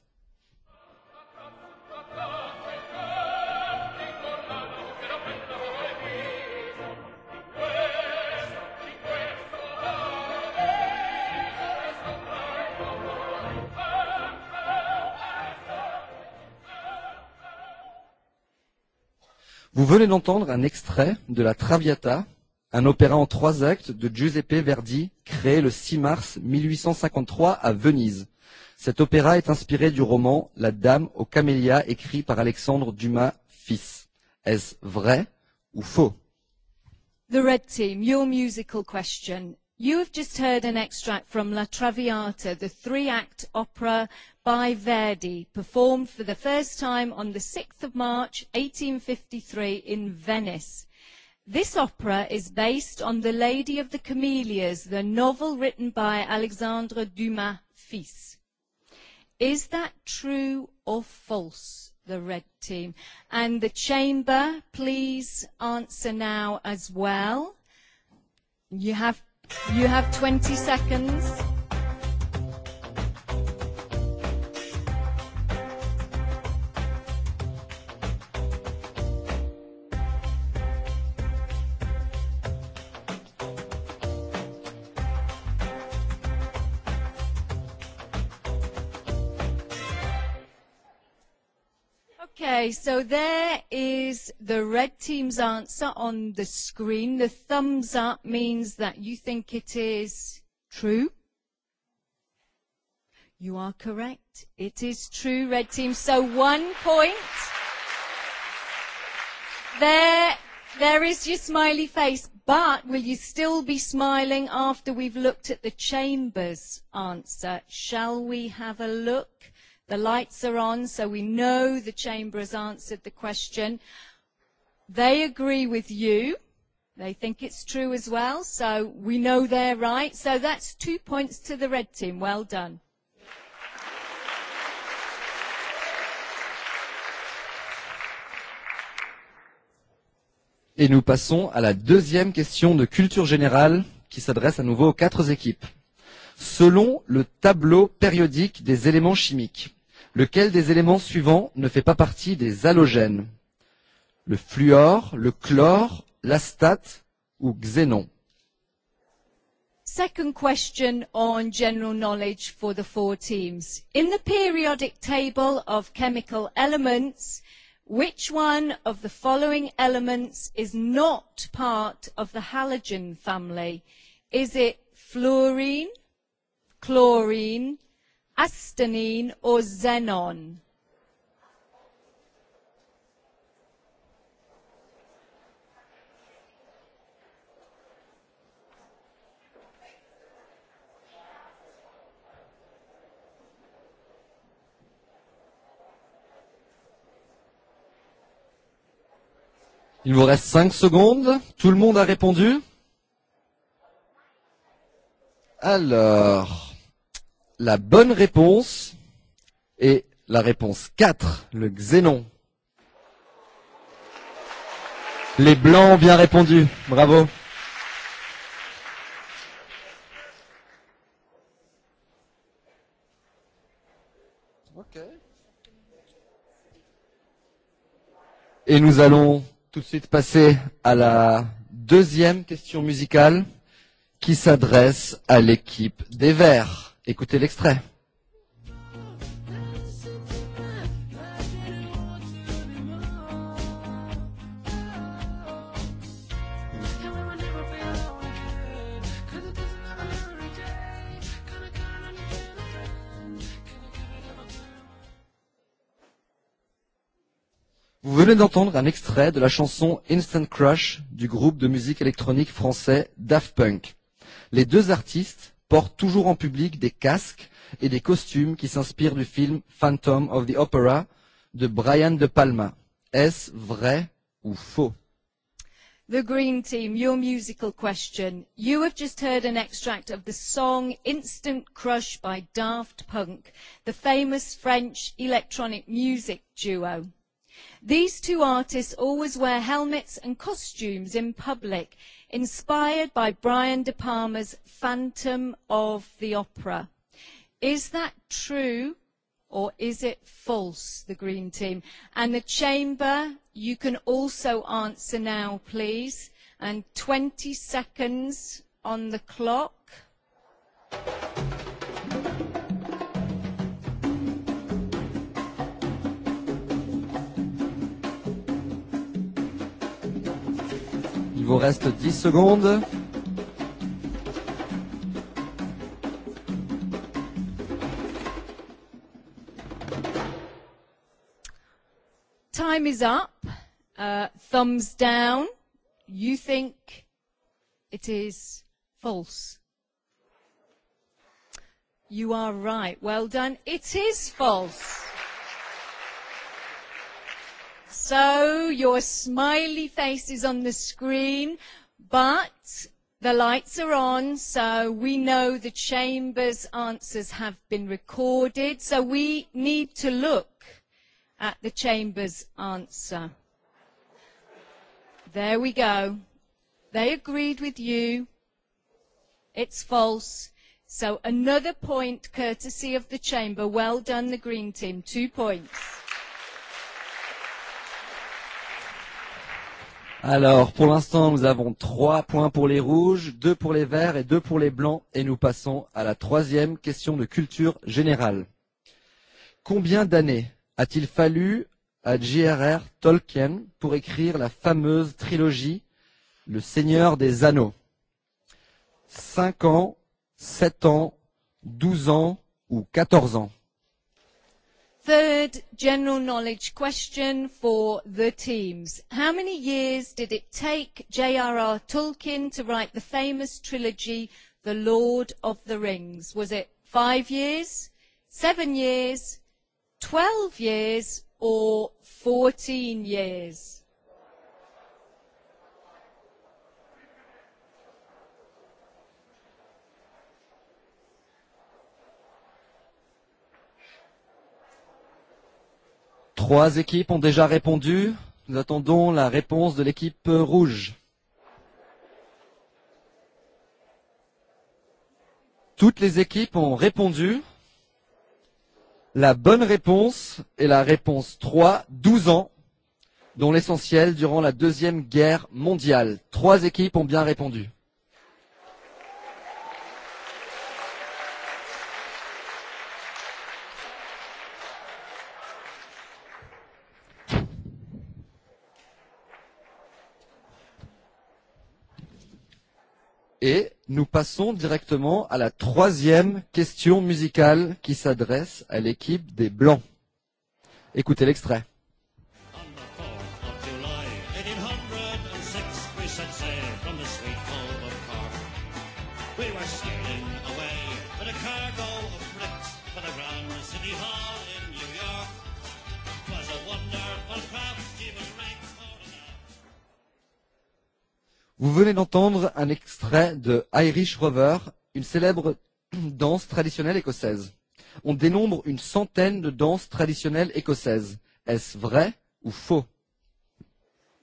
E: Vous venez d'entendre un extrait de La Traviata, un opéra en trois actes de Giuseppe Verdi, créé le 6 mars 1853 à Venise. Cet opéra est inspiré du roman La Dame aux Camélias, écrit par Alexandre Dumas, fils. Est-ce vrai ou faux?
N: The Red Team, your musical question You have just heard an extract from La Traviata, the three-act opera by Verdi, performed for the first time on the 6th of March 1853 in Venice. This opera is based on The Lady of the Camellias, the novel written by Alexandre Dumas Fils. Is that true or false, the red team? And the chamber, please answer now as well. You have You have 20 seconds. Okay, so there is the red team's answer on the screen. The thumbs up means that you think it is true. You are correct. It is true, red team. So one point. There, there is your smiley face, but will you still be smiling after we've looked at the chamber's answer? Shall we have a look? The lights are on, so we know the chamber has answered the question. They agree with you. They think it's true as well, so we know they're right. So that's two points to the red team. Well done.
E: Et nous passons à la deuxième question de culture générale qui s'adresse à nouveau aux quatre équipes. Selon le tableau périodique des éléments chimiques, Lequel des éléments suivants ne fait pas partie des halogènes Le fluor, le chlore, l'astate ou xénon
N: Second question on general knowledge for the four teams. In the periodic table of chemical elements, which one of the following elements is not part of the halogen family? Is it fluorine, chlorine, Astenine or xenon?
E: Il vous reste 5 secondes. Tout le monde a répondu Alors, La bonne réponse est la réponse 4, le xénon. Les blancs ont bien répondu. Bravo. Okay. Et nous allons tout de suite passer à la deuxième question musicale qui s'adresse à l'équipe des Verts. Écoutez l'extrait. Vous venez d'entendre un extrait de la chanson Instant Crush du groupe de musique électronique français Daft Punk. Les deux artistes portent toujours en public des casques et des costumes qui s'inspirent du film Phantom of the Opera de Brian De Palma. Est-ce vrai ou faux?
N: The Green Team, your musical question. You have just heard an extract of the song Instant Crush by Daft Punk, the famous French electronic music duo. These two artists always wear helmets and costumes in public inspired by Brian De Palma's Phantom of the Opera. Is that true or is it false, the Green Team? And the Chamber, you can also answer now, please. And 20 seconds on the clock.
E: vous reste 10 secondes.
N: Time is up. Uh, thumbs down. You think it is false. You are right. Well done. It is false. So your smiley face is on the screen, but the lights are on, so we know the Chamber's answers have been recorded. So we need to look at the Chamber's answer. There we go. They agreed with you. It's false. So another point courtesy of the Chamber. Well done, the Green Team. Two points.
E: Alors, pour l'instant, nous avons trois points pour les rouges, deux pour les verts et deux pour les blancs. Et nous passons à la troisième question de culture générale. Combien d'années a-t-il fallu à J.R.R. Tolkien pour écrire la fameuse trilogie Le Seigneur des Anneaux Cinq ans, sept ans, douze ans ou quatorze ans
N: third general knowledge question for the teams. How many years did it take J.R.R. Tolkien to write the famous trilogy, The Lord of the Rings? Was it five years, seven years, 12 years, or 14 years?
E: Trois équipes ont déjà répondu. Nous attendons la réponse de l'équipe rouge. Toutes les équipes ont répondu. La bonne réponse est la réponse 3, 12 ans, dont l'essentiel durant la Deuxième Guerre mondiale. Trois équipes ont bien répondu. Et nous passons directement à la troisième question musicale qui s'adresse à l'équipe des Blancs. Écoutez l'extrait. Vous venez d'entendre un extrait de Irish Rover, une célèbre (clears throat) danse traditionnelle écossaise. On dénombre une centaine de danses traditionnelles écossaises. Est-ce vrai ou faux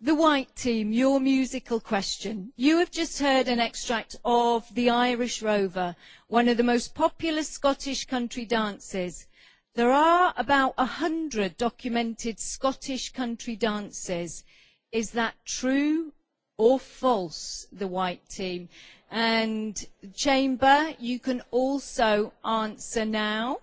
N: The White Team, your musical question. You have just heard an extract of The Irish Rover, one of the most popular Scottish country dances. There are about a hundred documented Scottish country dances. Is that true or false, the white team. And chamber, you can also answer now.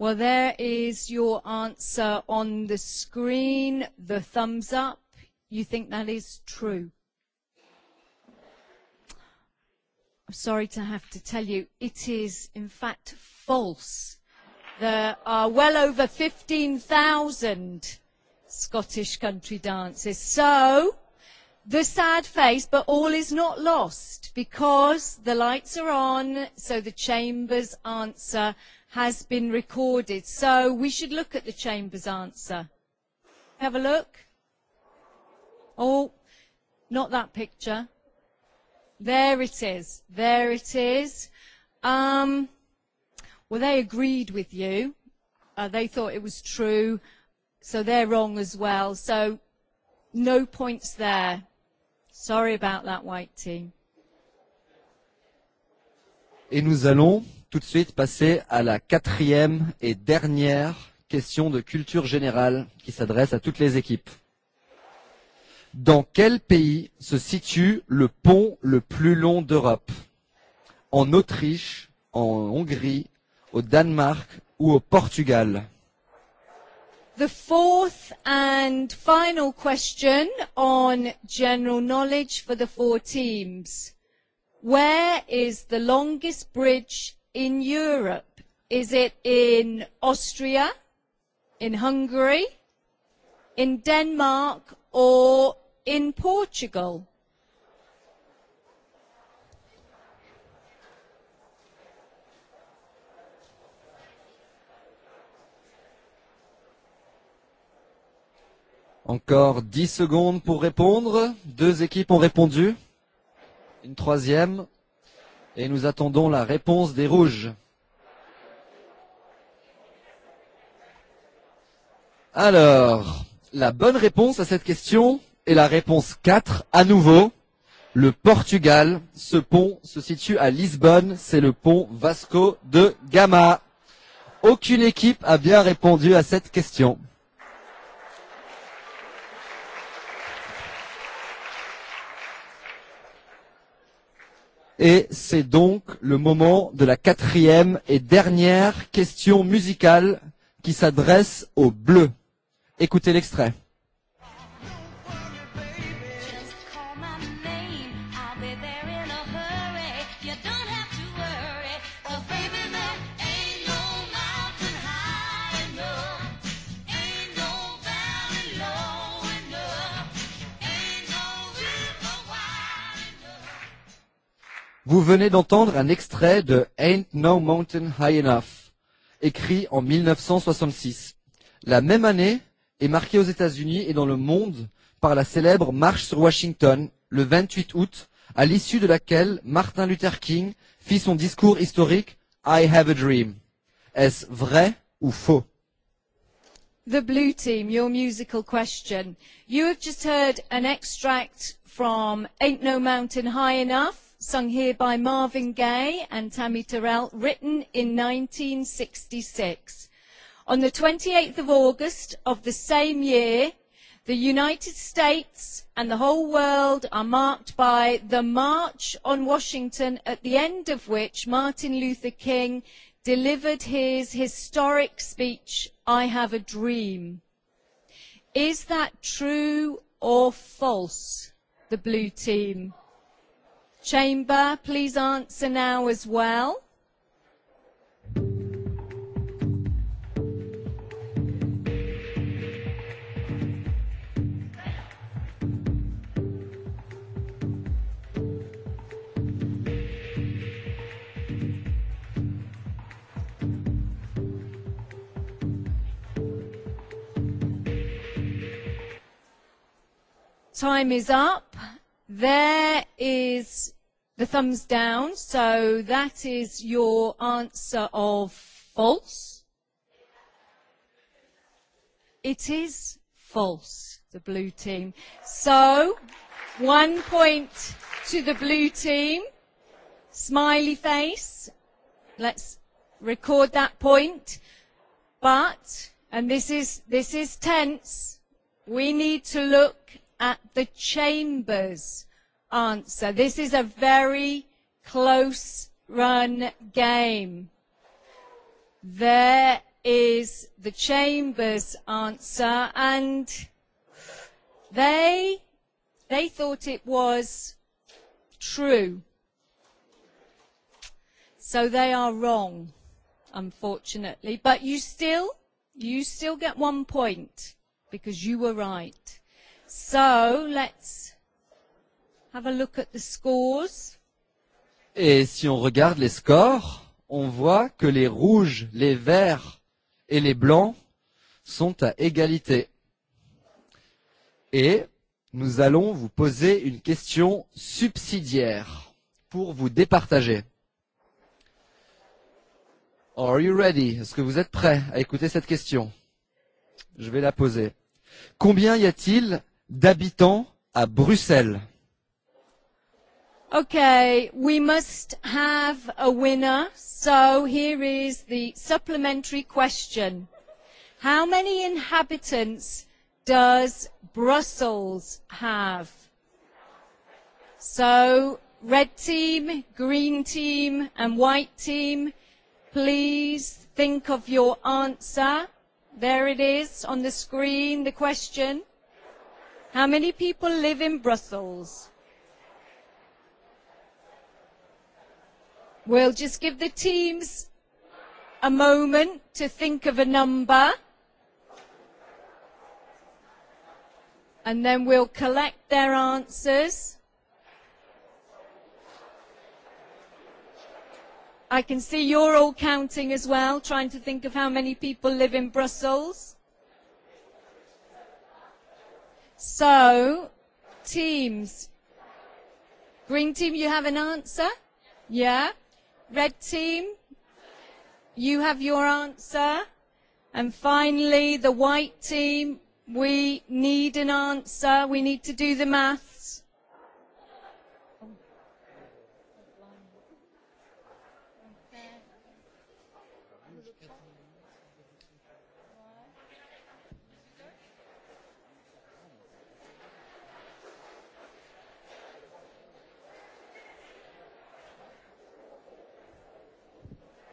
N: Well, there is your answer on the screen, the thumbs up. You think that is true? I'm sorry to have to tell you, it is in fact false. There are well over 15,000 Scottish country dances. So, the sad face, but all is not lost because the lights are on, so the Chamber's answer has been recorded. So we should look at the Chamber's answer. Have a look. Oh, not that picture. There it is. There it is. Um, well, they agreed with you. Uh, they thought it was true, so they're wrong as well. So no points there. Sorry about that, white team.
E: Et nous allons tout de suite passer à la quatrième et dernière question de culture générale qui s'adresse à toutes les équipes. Dans quel pays se situe le pont le plus long d'Europe En Autriche, en Hongrie, au Danemark ou au Portugal
N: The fourth and final question on general knowledge for the four teams. Where is the longest bridge in Europe? Is it in Austria, in Hungary, in Denmark, or in Portugal?
E: Encore 10 secondes pour répondre. Deux équipes ont répondu. Une troisième et nous attendons la réponse des rouges. Alors, la bonne réponse à cette question est la réponse 4 à nouveau. Le Portugal, ce pont se situe à Lisbonne, c'est le pont Vasco de Gama. Aucune équipe a bien répondu à cette question. Et c'est donc le moment de la quatrième et dernière question musicale qui s'adresse aux Bleus. Écoutez l'extrait. Vous venez d'entendre un extrait de Ain't No Mountain High Enough, écrit en 1966. La même année est marquée aux États-Unis et dans le monde par la célèbre Marche sur Washington, le 28 août, à l'issue de laquelle Martin Luther King fit son discours historique I Have a Dream. Est-ce vrai ou faux?
N: The Blue Team, your musical question. You have just heard an extract from Ain't No Mountain High Enough sung here by Marvin Gaye and Tammy Terrell, written in 1966. On the 28th of August of the same year, the United States and the whole world are marked by the March on Washington, at the end of which Martin Luther King delivered his historic speech, I Have a Dream. Is that true or false, the blue team? chamber, please answer now as well. Time is up. There is the thumbs down. So that is your answer of false. It is false, the blue team. So one point to the blue team. Smiley face. Let's record that point. But, and this is, this is tense, we need to look at the chambers answer. This is a very close run game. There is the Chamber's answer and they, they thought it was true. So they are wrong, unfortunately. But you still, you still get one point because you were right. So let's have a look at the scores.
E: Et si on regarde les scores, on voit que les rouges, les verts et les blancs sont à égalité. Et nous allons vous poser une question subsidiaire pour vous départager. Are you ready? Est-ce que vous êtes prêt à écouter cette question? Je vais la poser. Combien y a-t-il d'habitants à Bruxelles?
N: Okay, we must have a winner. So here is the supplementary question. How many inhabitants does Brussels have? So red team, green team and white team, please think of your answer. There it is on the screen, the question. How many people live in Brussels? We'll just give the teams a moment to think of a number. And then we'll collect their answers. I can see you're all counting as well, trying to think of how many people live in Brussels. So, teams. Green team, you have an answer? Yeah? Red team, you have your answer. And finally, the white team, we need an answer. We need to do the math.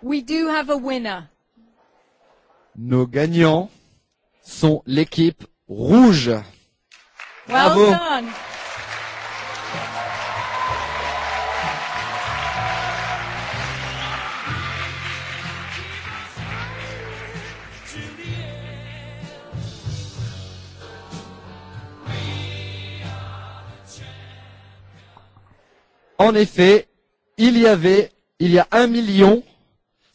N: We do have a winner.
E: Nos gagnants sont l'équipe rouge.
N: Bravo. Well done.
E: En effet, il y avait, il y a un million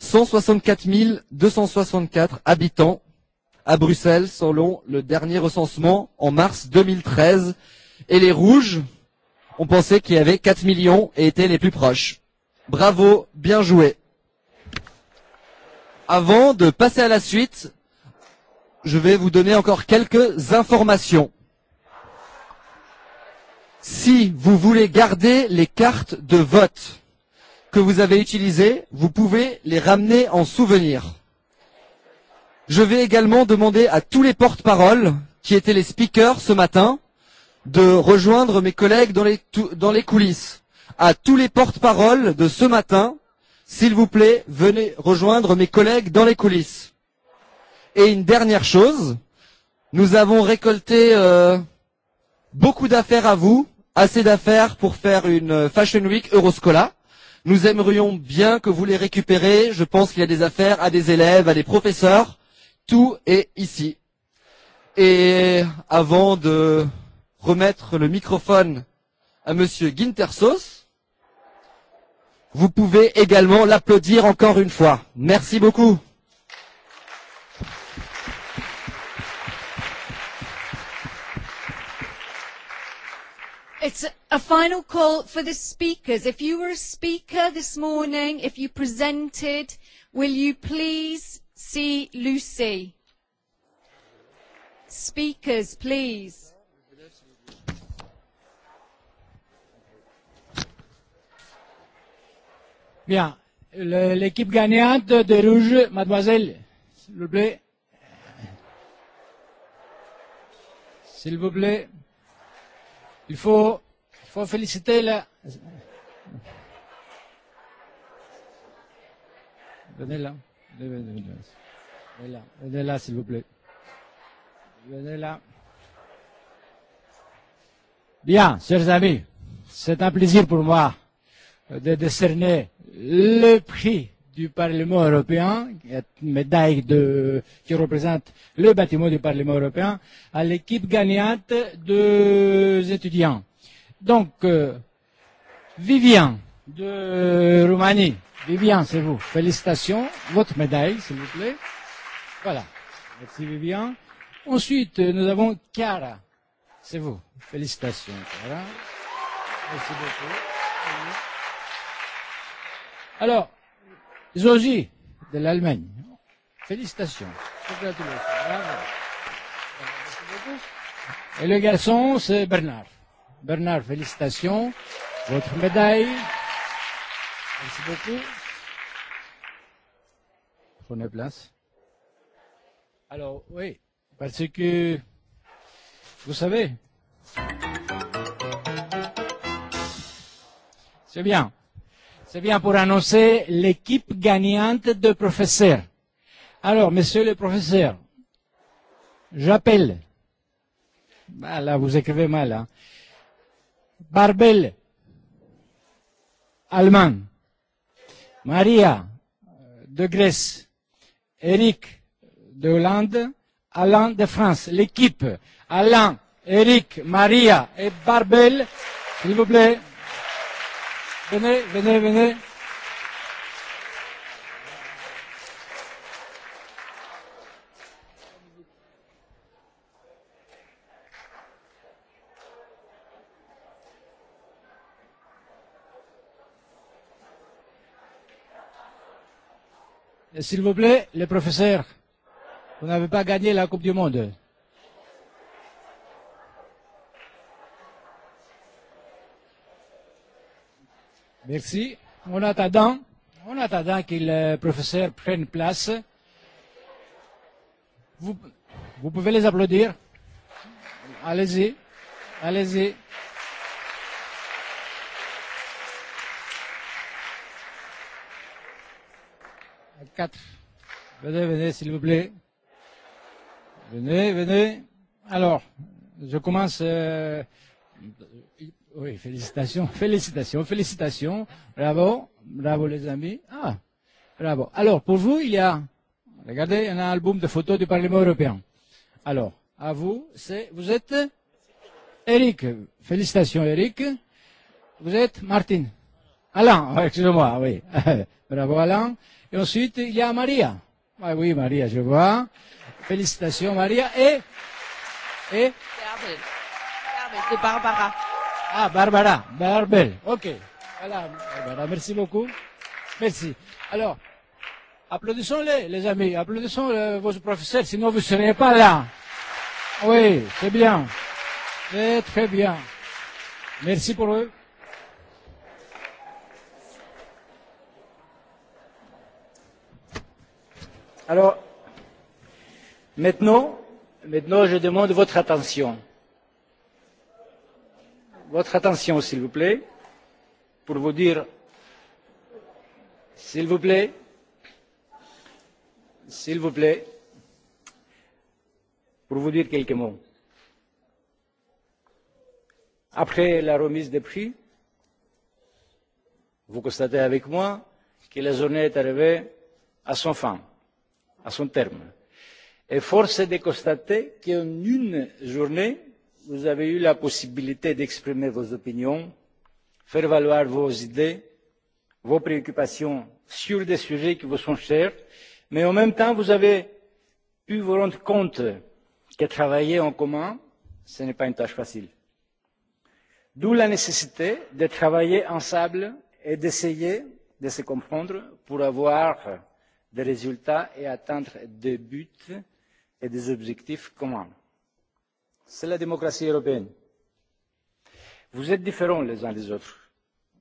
E: 164 264 habitants à Bruxelles selon le dernier recensement en mars 2013. Et les Rouges, on pensait qu'il y avait 4 millions et étaient les plus proches. Bravo, bien joué. Avant de passer à la suite, je vais vous donner encore quelques informations. Si vous voulez garder les cartes de vote, que vous avez utilisés, vous pouvez les ramener en souvenir. Je vais également demander à tous les porte-paroles qui étaient les speakers ce matin de rejoindre mes collègues dans les, dans les coulisses. À tous les porte-paroles de ce matin, s'il vous plaît, venez rejoindre mes collègues dans les coulisses. Et une dernière chose, nous avons récolté euh, beaucoup d'affaires à vous, assez d'affaires pour faire une euh, Fashion Week Euroscola. Nous aimerions bien que vous les récupérez. Je pense qu'il y a des affaires à des élèves, à des professeurs. Tout est ici. Et avant de remettre le microphone à Monsieur Gintersos, vous pouvez également l'applaudir encore une fois. Merci beaucoup.
N: It's a final call for the speakers. If you were a speaker this morning, if you presented, will you please see Lucy? Speakers, please.
B: Bien. L'équipe gagnante de rouge, mademoiselle, s'il vous plaît. S'il vous plaît. Il faut, il faut féliciter la... Venez-là. Venez-là, venez s'il vous plaît. Venez-là. Bien, chers amis, c'est un plaisir pour moi de décerner le prix du Parlement européen, médaille de, qui représente le bâtiment du Parlement européen, à l'équipe gagnante des étudiants. Donc, euh, Vivien de Roumanie. Vivian, c'est vous. Félicitations. Votre médaille, s'il vous plaît. Voilà. Merci, Vivian. Ensuite, nous avons Chiara. C'est vous. Félicitations, Chiara. Merci beaucoup. Alors, Zoji de l'Allemagne. Félicitations.
A: Congratulations.
B: Et le garçon, c'est Bernard. Bernard, félicitations. Votre médaille. Merci beaucoup. Prenez place. Alors, oui, parce que, vous savez, c'est bien. C'est bien pour annoncer l'équipe gagnante de professeurs. Alors, monsieur le professeur, j'appelle. Bah là, vous écrivez mal. Hein. Barbel, allemand. Maria, euh, de Grèce. Eric, de Hollande. Alain, de France. L'équipe, Alain, Eric, Maria et Barbel, s'il vous plaît. Venez, venez, venez. S'il vous plaît, les professeurs, vous n'avez pas gagné la Coupe du Monde. Merci. En attendant, en attendant que le professeur prenne place, vous, vous pouvez les applaudir. Allez-y. Allez-y. Quatre. Venez, venez, s'il vous plaît. Venez, venez. Alors, je commence. Euh, Oui, félicitations, (laughs) félicitations, félicitations. Bravo, bravo les amis. Ah, bravo. Alors, pour vous, il y a, regardez, un album de photos du Parlement européen. Alors, à vous, c'est, vous êtes Eric. Félicitations, Eric. Vous êtes Martin. Alain, oh, excusez-moi, ah, oui. (laughs) bravo, Alain. Et ensuite, il y a Maria. Ah oui, Maria, je vois. Félicitations, Maria. Et, et,
C: mais c'est Barbara.
B: Ah, Barbara, Barbel,
C: ok. Voilà,
B: Barbara, merci beaucoup. Merci. Alors, applaudissons-les, les amis, applaudissons euh, vos professeurs, sinon vous ne seriez pas là. Oui, c'est bien. Très, très bien. Merci pour eux. Alors, maintenant, maintenant, je demande votre attention votre attention s'il vous plaît pour vous dire s'il vous plaît s'il vous plaît pour vous dire quelques mots. Après la remise des prix, vous constatez avec moi que la journée est arrivée à son fin, à son terme. Et force est de constater qu'en une journée, vous avez eu la possibilité d'exprimer vos opinions de faire valoir vos idées vos préoccupations sur des sujets qui vous sont chers mais en même temps vous avez pu vous rendre compte que travailler en commun ce n'est pas une tâche facile. D'où la nécessité de travailler ensemble et d'essayer de se comprendre pour avoir des résultats et atteindre des buts et des objectifs communs. C'est la démocratie européenne. Vous êtes différents les uns des autres.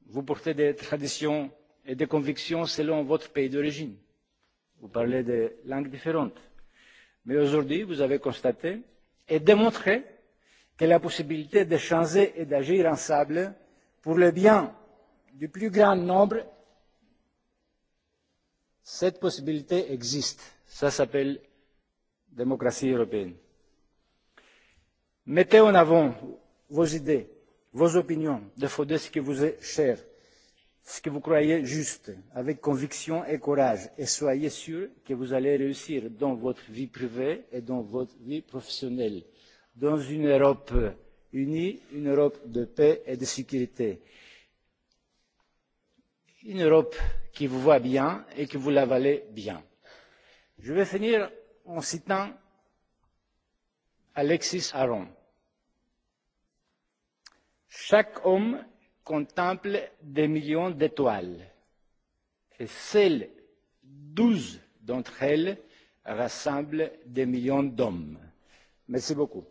B: Vous portez des traditions et des convictions selon votre pays d'origine. Vous parlez des langues différentes. Mais aujourd'hui, vous avez constaté et démontré que la possibilité de changer et d'agir ensemble pour le bien du plus grand nombre, cette possibilité existe. Ça s'appelle démocratie européenne mettez en avant vos idées vos opinions défendez ce qui vous est cher ce que vous croyez juste avec conviction et courage et soyez sûr que vous allez réussir dans votre vie privée et dans votre vie professionnelle dans une europe unie une europe de paix et de sécurité une europe qui vous voit bien et que vous l'avalez bien. je vais finir en citant alexis aron Chaque homme contemple des millions d'étoiles, et seules douze d'entre elles rassemblent des millions d'hommes. Merci beaucoup.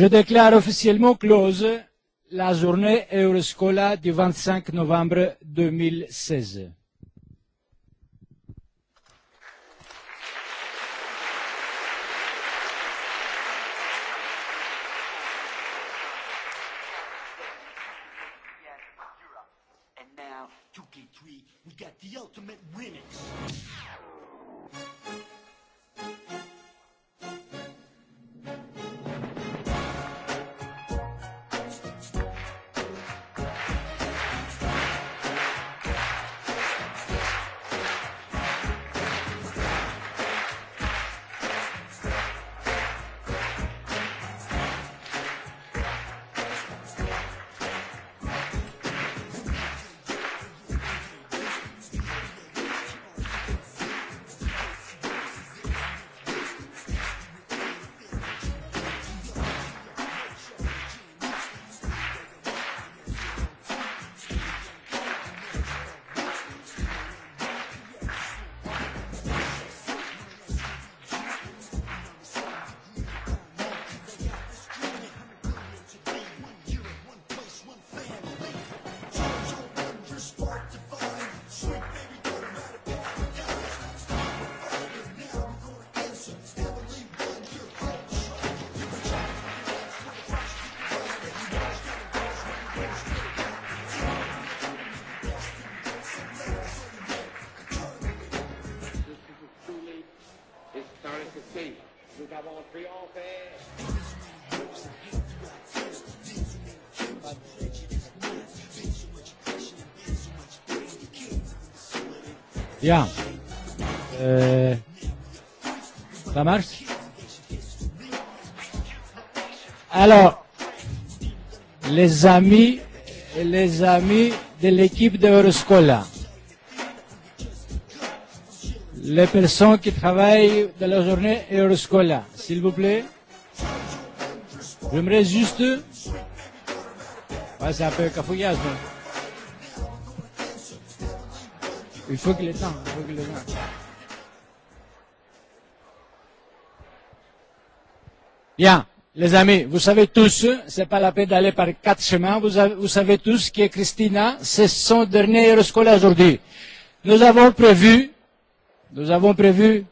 B: Je déclare officiellement close la journée Euroscola du 25 novembre 2016. Ja. Eh. Va Mars? Alors, les amis, et les amis de l'équipe de Euroscola, les personnes qui travaillent dans la journée Euroscola, s'il vous plaît, j'aimerais juste... Ouais, c'est un peu cafouillage, mais... Il faut qu'il est temps, il faut qu'il est temps. Bien, les amis, vous savez tous, c'est pas la peine d'aller par quatre chemins, vous, avez, vous savez tous que Christina, c'est son dernier Euroscola aujourd'hui. Nous avons prévu, nous avons prévu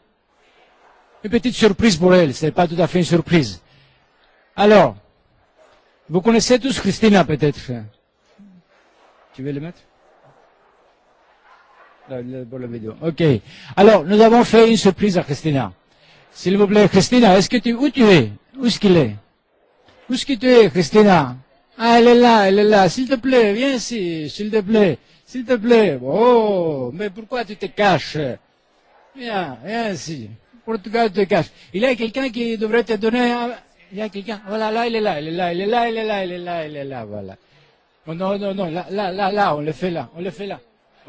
B: une petite surprise pour elle, c'est pas tout à fait une surprise. Alors, vous connaissez tous Christina peut-être. Tu veux le mettre Euh, pour la vidéo. Ok. Alors, nous avons fait une surprise à Christina. S'il vous plaît, Christina, est-ce que tu, où tu es Où est-ce qu'il est Où est-ce que tu es, Christina Ah, elle est là, elle est là. S'il te plaît, viens ici, s'il te plaît. S'il te plaît. Oh, mais pourquoi tu te caches Viens, viens ici. Portugal te cache. Il y a quelqu'un qui devrait te donner... Un... Il y a quelqu'un. Voilà, là, il est là, il est là, il est là, il est là, il est là, il est là, voilà. Oh, non, non, non, là, là, là, là, on le fait là, on le fait là.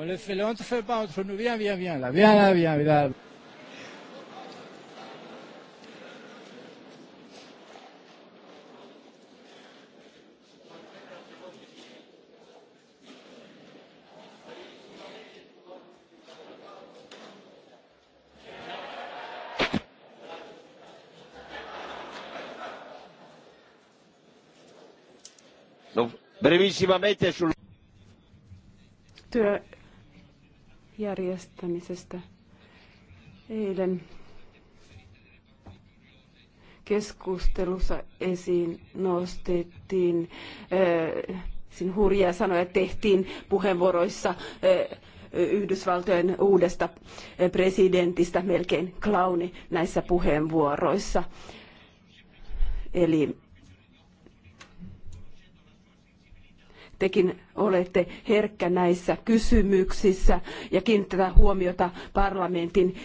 B: On le fait, on te fait pas entre nous. Viens, viens, viens là. Viens là, viens, viens là. brevissimamente sul
K: työ järjestämisestä. Eilen keskustelussa esiin nostettiin, äh, sin sanoja tehtiin puheenvuoroissa äh, Yhdysvaltojen uudesta äh, presidentistä melkein klauni näissä puheenvuoroissa. Eli tekin
A: olette herkkä näissä kysymyksissä ja kiinnitetään huomiota parlamentin